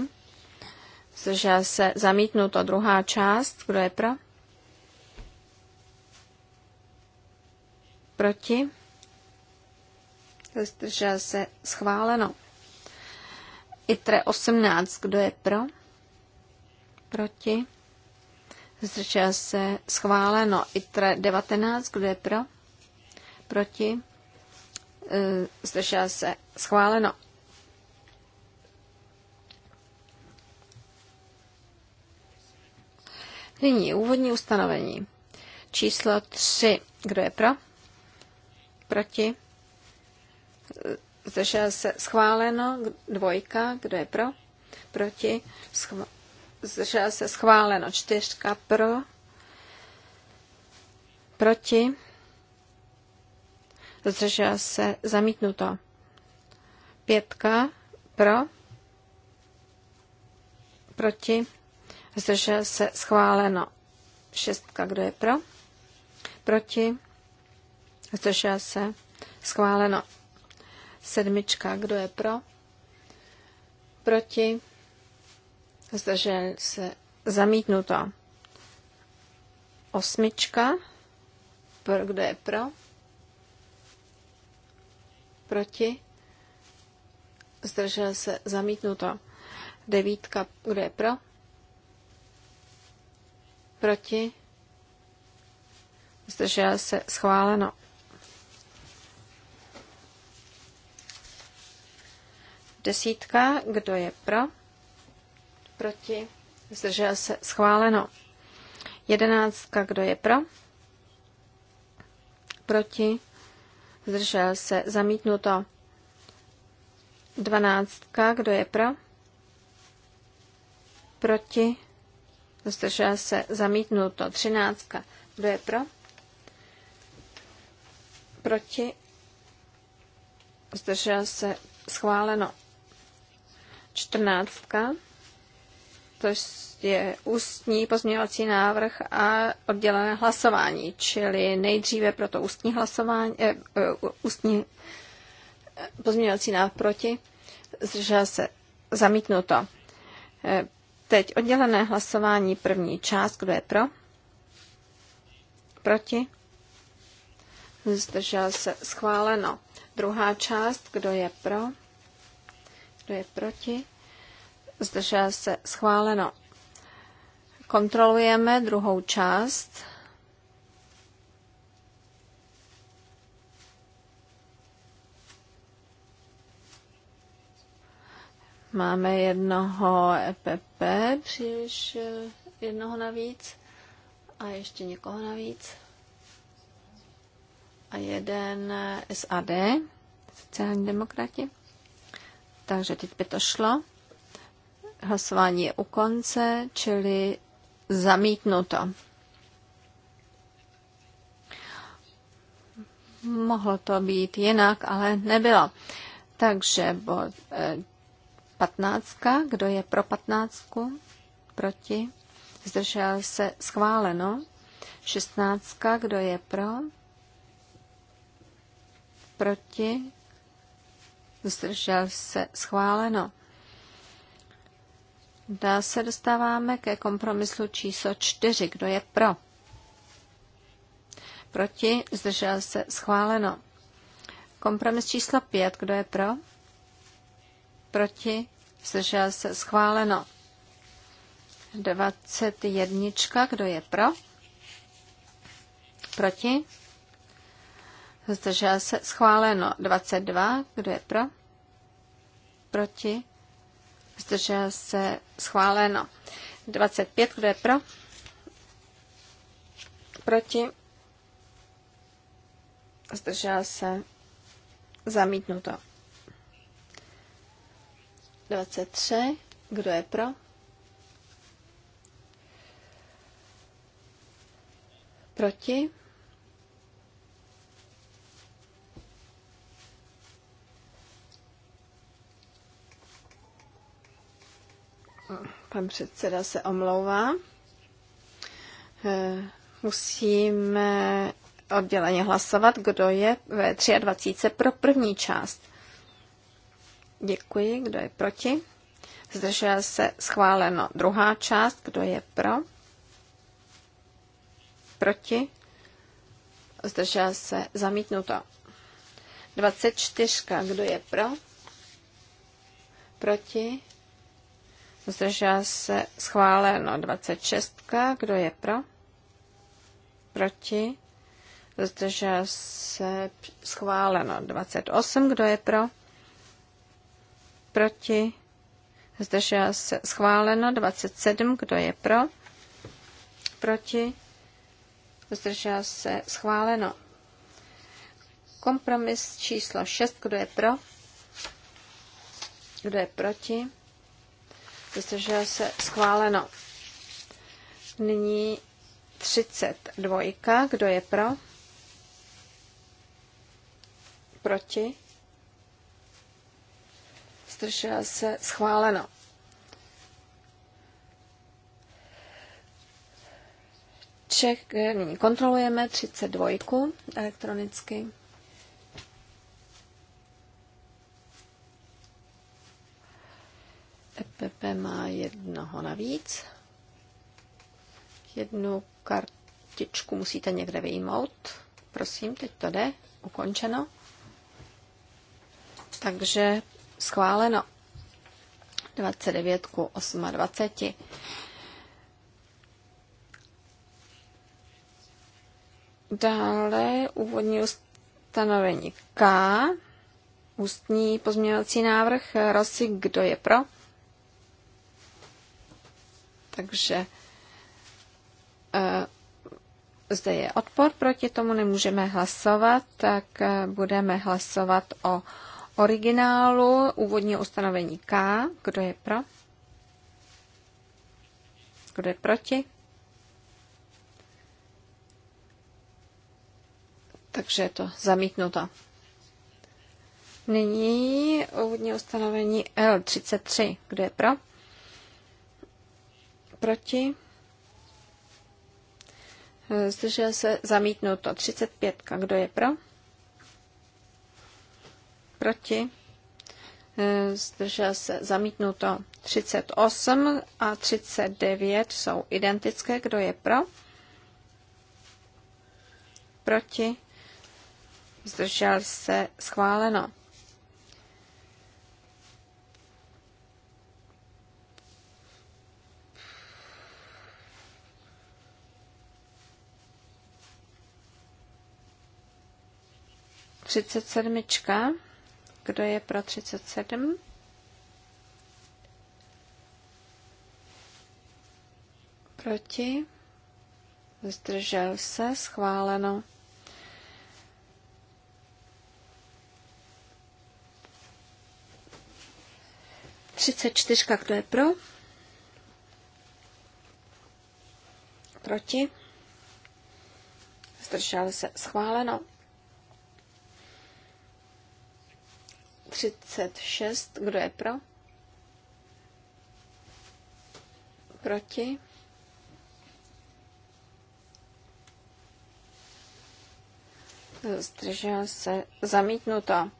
já se zamítnu to druhá část, kdo je pro? Proti? zdržel se, schváleno. ITRE 18, kdo je pro? Proti? Zdržel se, schváleno. ITRE 19, kdo je pro? Proti? Eh, zdržel se, schváleno. Nyní úvodní ustanovení. Číslo 3. Kdo je pro? Proti? zdržel se schváleno, dvojka, kdo je pro, proti, zdržel se schváleno, čtyřka pro, proti, zdržel se zamítnuto, pětka pro, proti, zdržel se schváleno, šestka, kdo je pro, proti, zdržel se schváleno. Sedmička, kdo je pro? Proti? Zdržel se zamítnuto. Osmička, pro, kdo je pro? Proti? Zdržel se zamítnuto. Devítka, kdo je pro? Proti? Zdržel se schváleno. Desítka, kdo je pro? Proti? Zdržel se? Schváleno. Jedenáctka, kdo je pro? Proti? Zdržel se? Zamítnuto. Dvanáctka, kdo je pro? Proti? Zdržel se? Zamítnuto. Třináctka, kdo je pro? Proti? Zdržel se? Schváleno. Čtrnáctka, to je ústní pozměňovací návrh a oddělené hlasování, čili nejdříve pro to ústní hlasování, eh, eh ústní eh, pozměňovací návrh proti, že se zamítnuto. Eh, teď oddělené hlasování první část, kdo je pro? Proti? Zdržel se schváleno. Druhá část, kdo je pro? Kdo je proti? Zdržel se schváleno. Kontrolujeme druhou část. Máme jednoho EPP, příliš eh, jednoho navíc a ještě někoho navíc. A jeden eh, SAD, sociální demokrati. Takže teď by to šlo. Hlasování je u konce, čili zamítnuto. Mohlo to být jinak, ale nebylo. Takže bod 15. Eh, Kdo je pro 15? Proti? Zdržel se schváleno. 16. Kdo je pro? Proti? zdržel se schváleno. Dá se dostáváme ke kompromisu číslo 4. Kdo je pro? Proti? Zdržel se? Schváleno. Kompromis číslo 5. Kdo je pro? Proti? Zdržel se? Schváleno. 21. Kdo je pro? Proti? Zdržel se. Schváleno 22. Kdo je pro? Proti? Zdržel se. Schváleno 25. Kdo je pro? Proti? Zdržel se. Zamítnuto. 23. Kdo je pro? Proti? Pan předseda se omlouvá. Eh, musíme odděleně hlasovat, kdo je ve 23 pro první část. Děkuji, kdo je proti. Zdržel se schváleno druhá část, kdo je pro. Proti. Zdržel se zamítnuto. 24, kdo je pro. Proti Zdržel se schváleno 26. Kdo je pro? Proti? Zdržel se schváleno 28. Kdo je pro? Proti? Zdržel se schváleno 27. Kdo je pro? Proti? Zdržel se schváleno. Kompromis číslo 6. Kdo je pro? Kdo je proti? Zdržel se schváleno. Nyní 32. Kdo je pro? Proti? Zdržel se schváleno. Ček, eh, nyní kontrolujeme 32 elektronicky. EPP má jednoho navíc. Jednu kartičku musíte někde vyjmout. Prosím, teď to jde. Ukončeno. Takže schváleno 29 ku 28. Dále úvodní ustanovení K. Ústní pozměňovací návrh. Rosy, kdo je pro? Takže eh, zde je odpor, proti tomu nemůžeme hlasovat, tak eh, budeme hlasovat o originálu úvodního ustanovení K. Kdo je pro? Kdo je proti? Takže je to zamítnuto. Nyní úvodní ustanovení L33. Kdo je pro? proti, e, zdržel se, zamítnuto 35, kdo je pro, proti, e, zdržel se, zamítnuto 38 a 39 jsou identické, kdo je pro, proti, zdržel se, schváleno. 37. Kdo je pro 37? Proti? Zdržel se? Schváleno. Třicet čtyřka, kdo je pro? Proti? Zdržel se? Schváleno. 36. Kdo je pro? Proti? Zdržel se zamítnuto.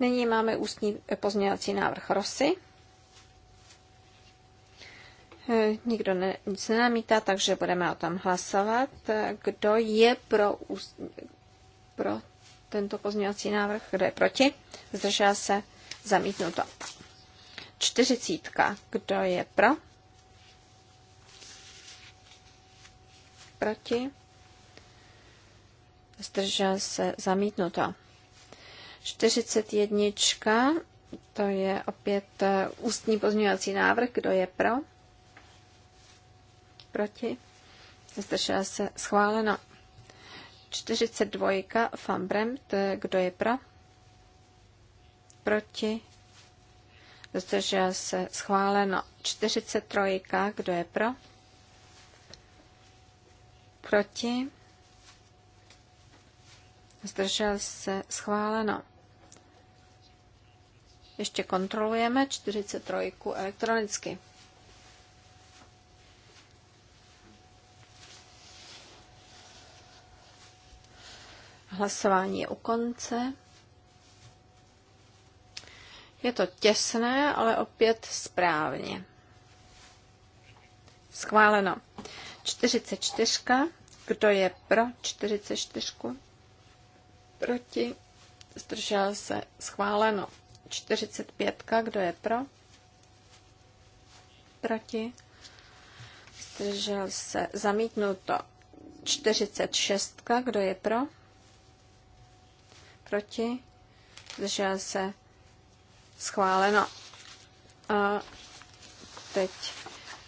Nyní máme ústní pozměňovací návrh Rosy. Eh, nikdo ne, nic nenamítá, takže budeme o tom hlasovat. Kdo je pro, úst, pro tento pozměňovací návrh. Kdo je proti? Zdržel se? Zamítnuto. Čtyřicítka. Kdo je pro? Proti? Zdržel se? Zamítnuto. čtyřicet jednička To je opět eh, ústní pozměňovací návrh. Kdo je pro? Proti? Zdržel se? Schváleno. 42 van Bremt, kdo je pro? Proti? Zdržel se schváleno 43, kdo je pro? Proti? Zdržel se schváleno. Ještě kontrolujeme 43 elektronicky. Hlasování je u konce. Je to těsné, ale opět správně. Schváleno. 44. Kdo je pro 44? Proti. Zdržel se. Schváleno. 45. Kdo je pro? Proti. Zdržel se. Zamítnuto. 46. Kdo je pro? proti, zdržel se, schváleno. A teď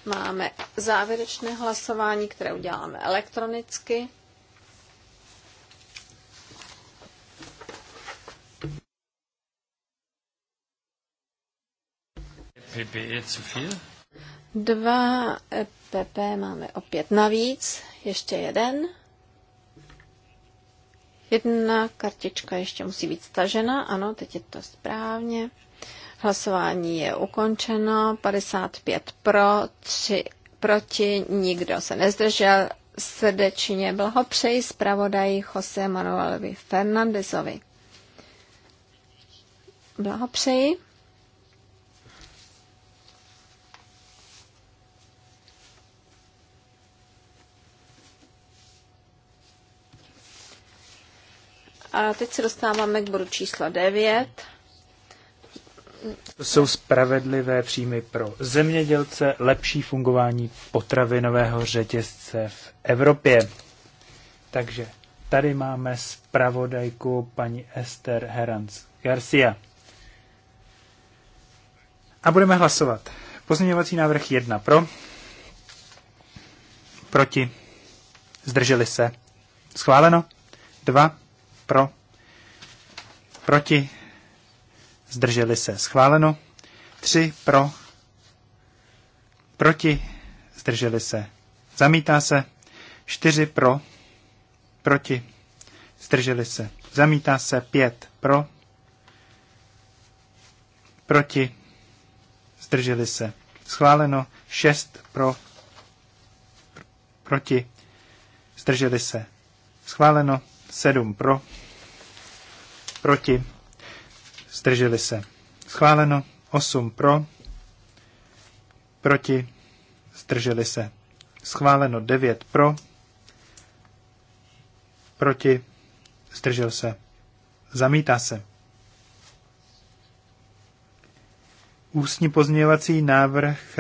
máme závěrečné hlasování, které uděláme elektronicky. PPE zu viel? Dva EPP máme opět navíc, ještě jeden. Jedna kartička ještě musí být stažena. Ano, teď je to správně. Hlasování je ukončeno. 55 pro, 3 proti, nikdo se nezdržel. Srdečně blahopřeji zpravodaji Jose Manuelovi Fernandezovi. Blahopřeji. A teď se dostáváme k bodu číslo 9. To jsou spravedlivé příjmy pro zemědělce, lepší fungování potravinového řetězce v Evropě. Takže tady máme zpravodajku paní Esther Herans Garcia. A budeme hlasovat. Pozměňovací návrh 1 pro, proti, zdrželi se, schváleno, 2 pro, proti, zdrželi se, schváleno. 3 pro, proti, zdrželi se, zamítá se. 4 pro, proti, zdrželi se, zamítá se. 5 pro, proti, zdrželi se, schváleno. 6 pro, pr proti, zdrželi se, schváleno. 7 pro, proti, zdrželi se. Schváleno 8 pro, proti, zdrželi se. Schváleno 9 pro, proti, zdržel se. Zamítá se. Ústní pozměňovací návrh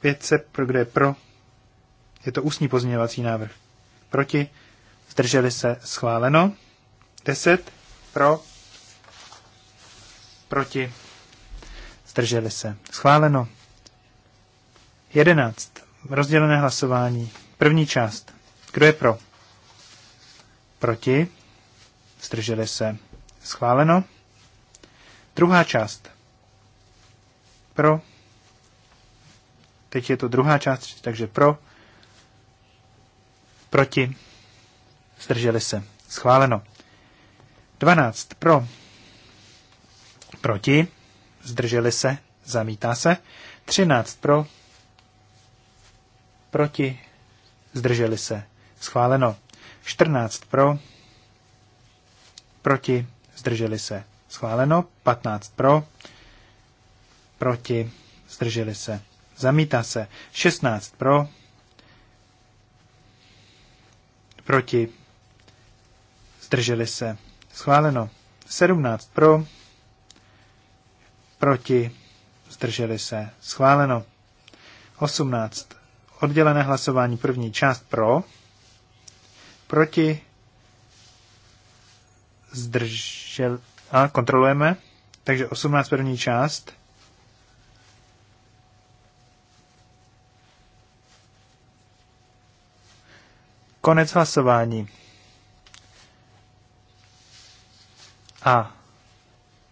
500, eh, pro, kde je pro. Je to ústní pozměňovací návrh. Proti, zdrželi se, schváleno. 10 pro, proti, zdrželi se, schváleno. 11. Rozdělené hlasování. První část. Kdo je pro? Proti, zdrželi se, schváleno. Druhá část. Pro. Teď je to druhá část, takže pro. Proti zdrželi se, schváleno. 12 pro, proti, zdrželi se, zamítá se. 13 pro, proti, zdrželi se, schváleno. 14 pro, proti, zdrželi se, schváleno. 15 pro, proti, zdrželi se, zamítá se. 16 pro, proti, zdrželi se. Schváleno. 17 pro, proti, zdrželi se. Schváleno. 18. Oddělené hlasování první část pro, proti, zdržel... A, kontrolujeme. Takže 18 první část. Konec hlasování. A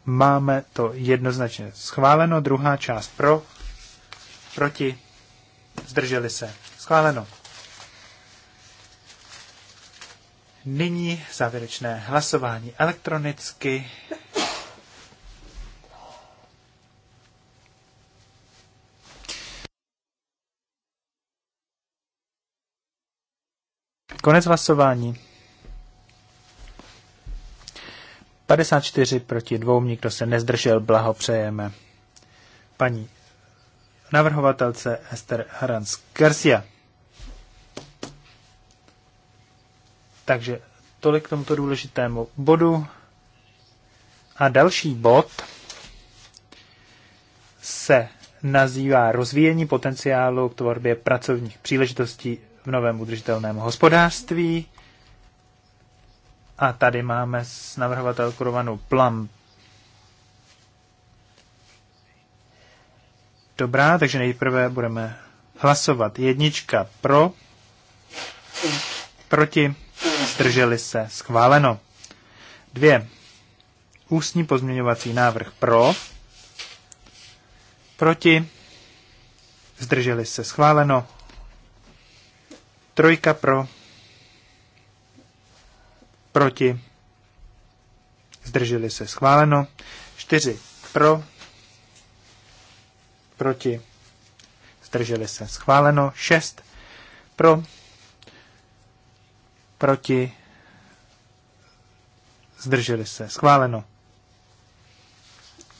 máme to jednoznačně schváleno. Druhá část pro, proti, zdrželi se. Schváleno. Nyní závěrečné hlasování elektronicky. Konec hlasování. 54 proti dvou, nikdo se nezdržel, blahopřejeme. Paní navrhovatelce Esther Harans Garcia. Takže tolik k tomuto důležitému bodu. A další bod se nazývá rozvíjení potenciálu k tvorbě pracovních příležitostí v novém udržitelném hospodářství. A tady máme s navrhovatelkou Rovanu Plum. Dobrá, takže nejprve budeme hlasovat. Jednička pro, proti, zdrželi se, schváleno. Dvě. Ústní pozměňovací návrh pro, proti, zdrželi se, schváleno. Trojka pro, proti, zdrželi se schváleno, 4 pro, proti, zdrželi se schváleno, 6 pro, proti, zdrželi se schváleno,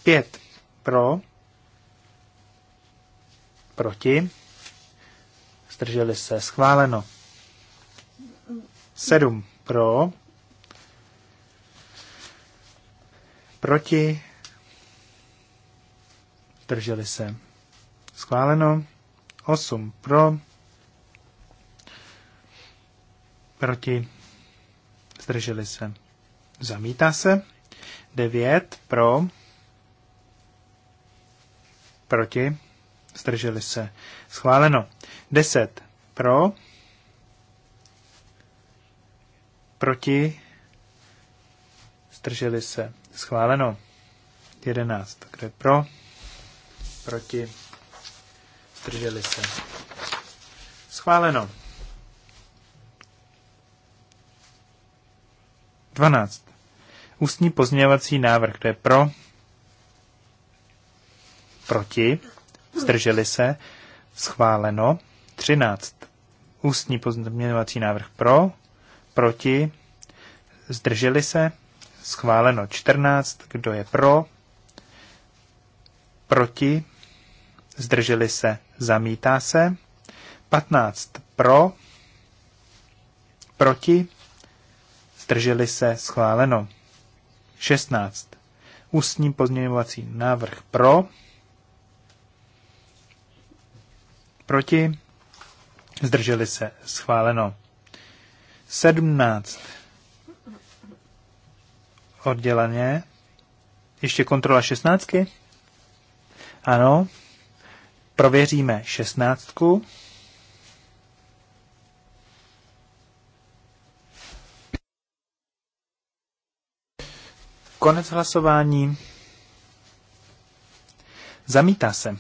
5 pro, proti, zdrželi se schváleno, 7 pro, Proti? Drželi se. Schváleno. 8 pro. Proti? Zdrželi se. Zamítá se. 9 pro. Proti? Zdrželi se. Schváleno. 10 pro. Proti? Zdrželi se. Schváleno. 11. Kdo je pro? Proti? Zdrželi se. Schváleno. 12. Ústní pozměňovací návrh. Kdo je pro? Proti? Zdrželi se. Schváleno. 13. Ústní pozměňovací návrh pro? Proti? Zdrželi se? schváleno 14, kdo je pro, proti, zdrželi se, zamítá se, 15 pro, proti, zdrželi se, schváleno 16. Ústní pozměňovací návrh pro, proti, zdrželi se, schváleno 17 odděleně. Ještě kontrola šestnáctky? Ano. Prověříme šestnáctku. Konec hlasování. Zamítá se.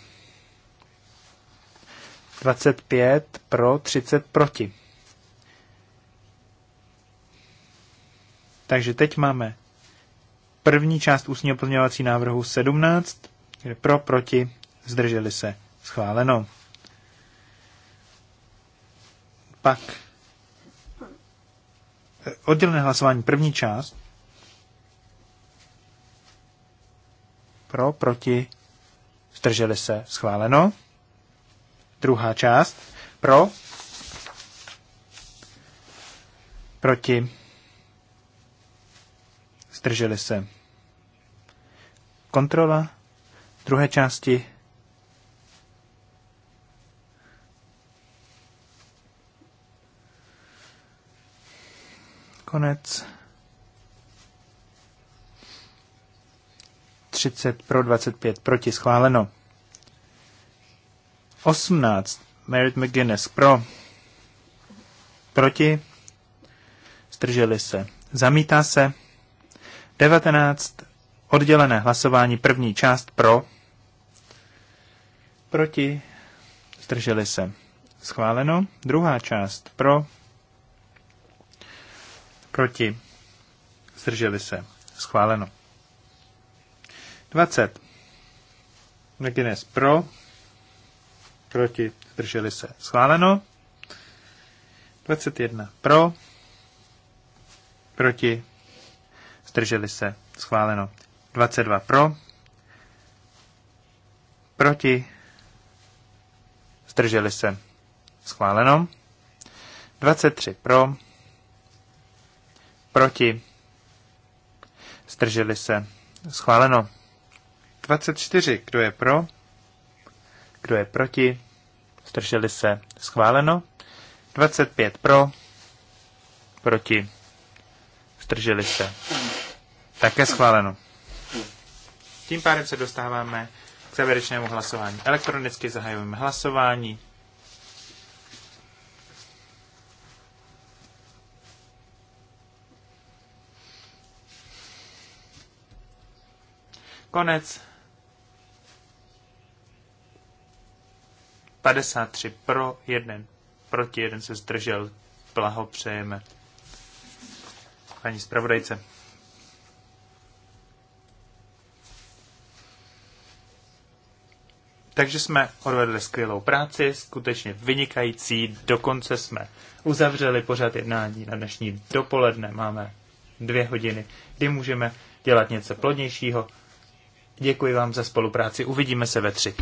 25 pro, 30 proti. Takže teď máme První část ústního pozměňovací návrhu 17, kde pro, proti, zdrželi se, schváleno. Pak eh, oddělené hlasování první část. Pro, proti, zdrželi se, schváleno. Druhá část. Pro, proti, zdrželi se. Kontrola druhé části konec. 30 pro 25 proti schváleno. 18. Merit McGuinness pro. Proti. Zdrželi se. Zamítá se. 19. Oddělené hlasování, první část pro, proti, zdrželi se. Schváleno. Druhá část pro, proti, zdrželi se. Schváleno. 20. McGuinness pro, proti, zdrželi se. Schváleno. 21 pro, proti, zdrželi se, schváleno. 22 pro, proti, zdrželi se, schváleno. 23 pro, proti, zdrželi se, schváleno. 24, kdo je pro, kdo je proti, zdrželi se, schváleno. 25 pro, proti, zdrželi se, také schváleno. Tím pádem se dostáváme k závěrečnému hlasování. Elektronicky zahajujeme hlasování. Konec. 53 pro, 1 proti, 1 se zdržel. Blahopřejeme. Paní zpravodajce. Takže jsme odvedli skvělou práci, skutečně vynikající, dokonce jsme uzavřeli pořád jednání na dnešní dopoledne, máme dvě hodiny, kdy můžeme dělat něco plodnějšího. Děkuji vám za spolupráci, uvidíme se ve tři.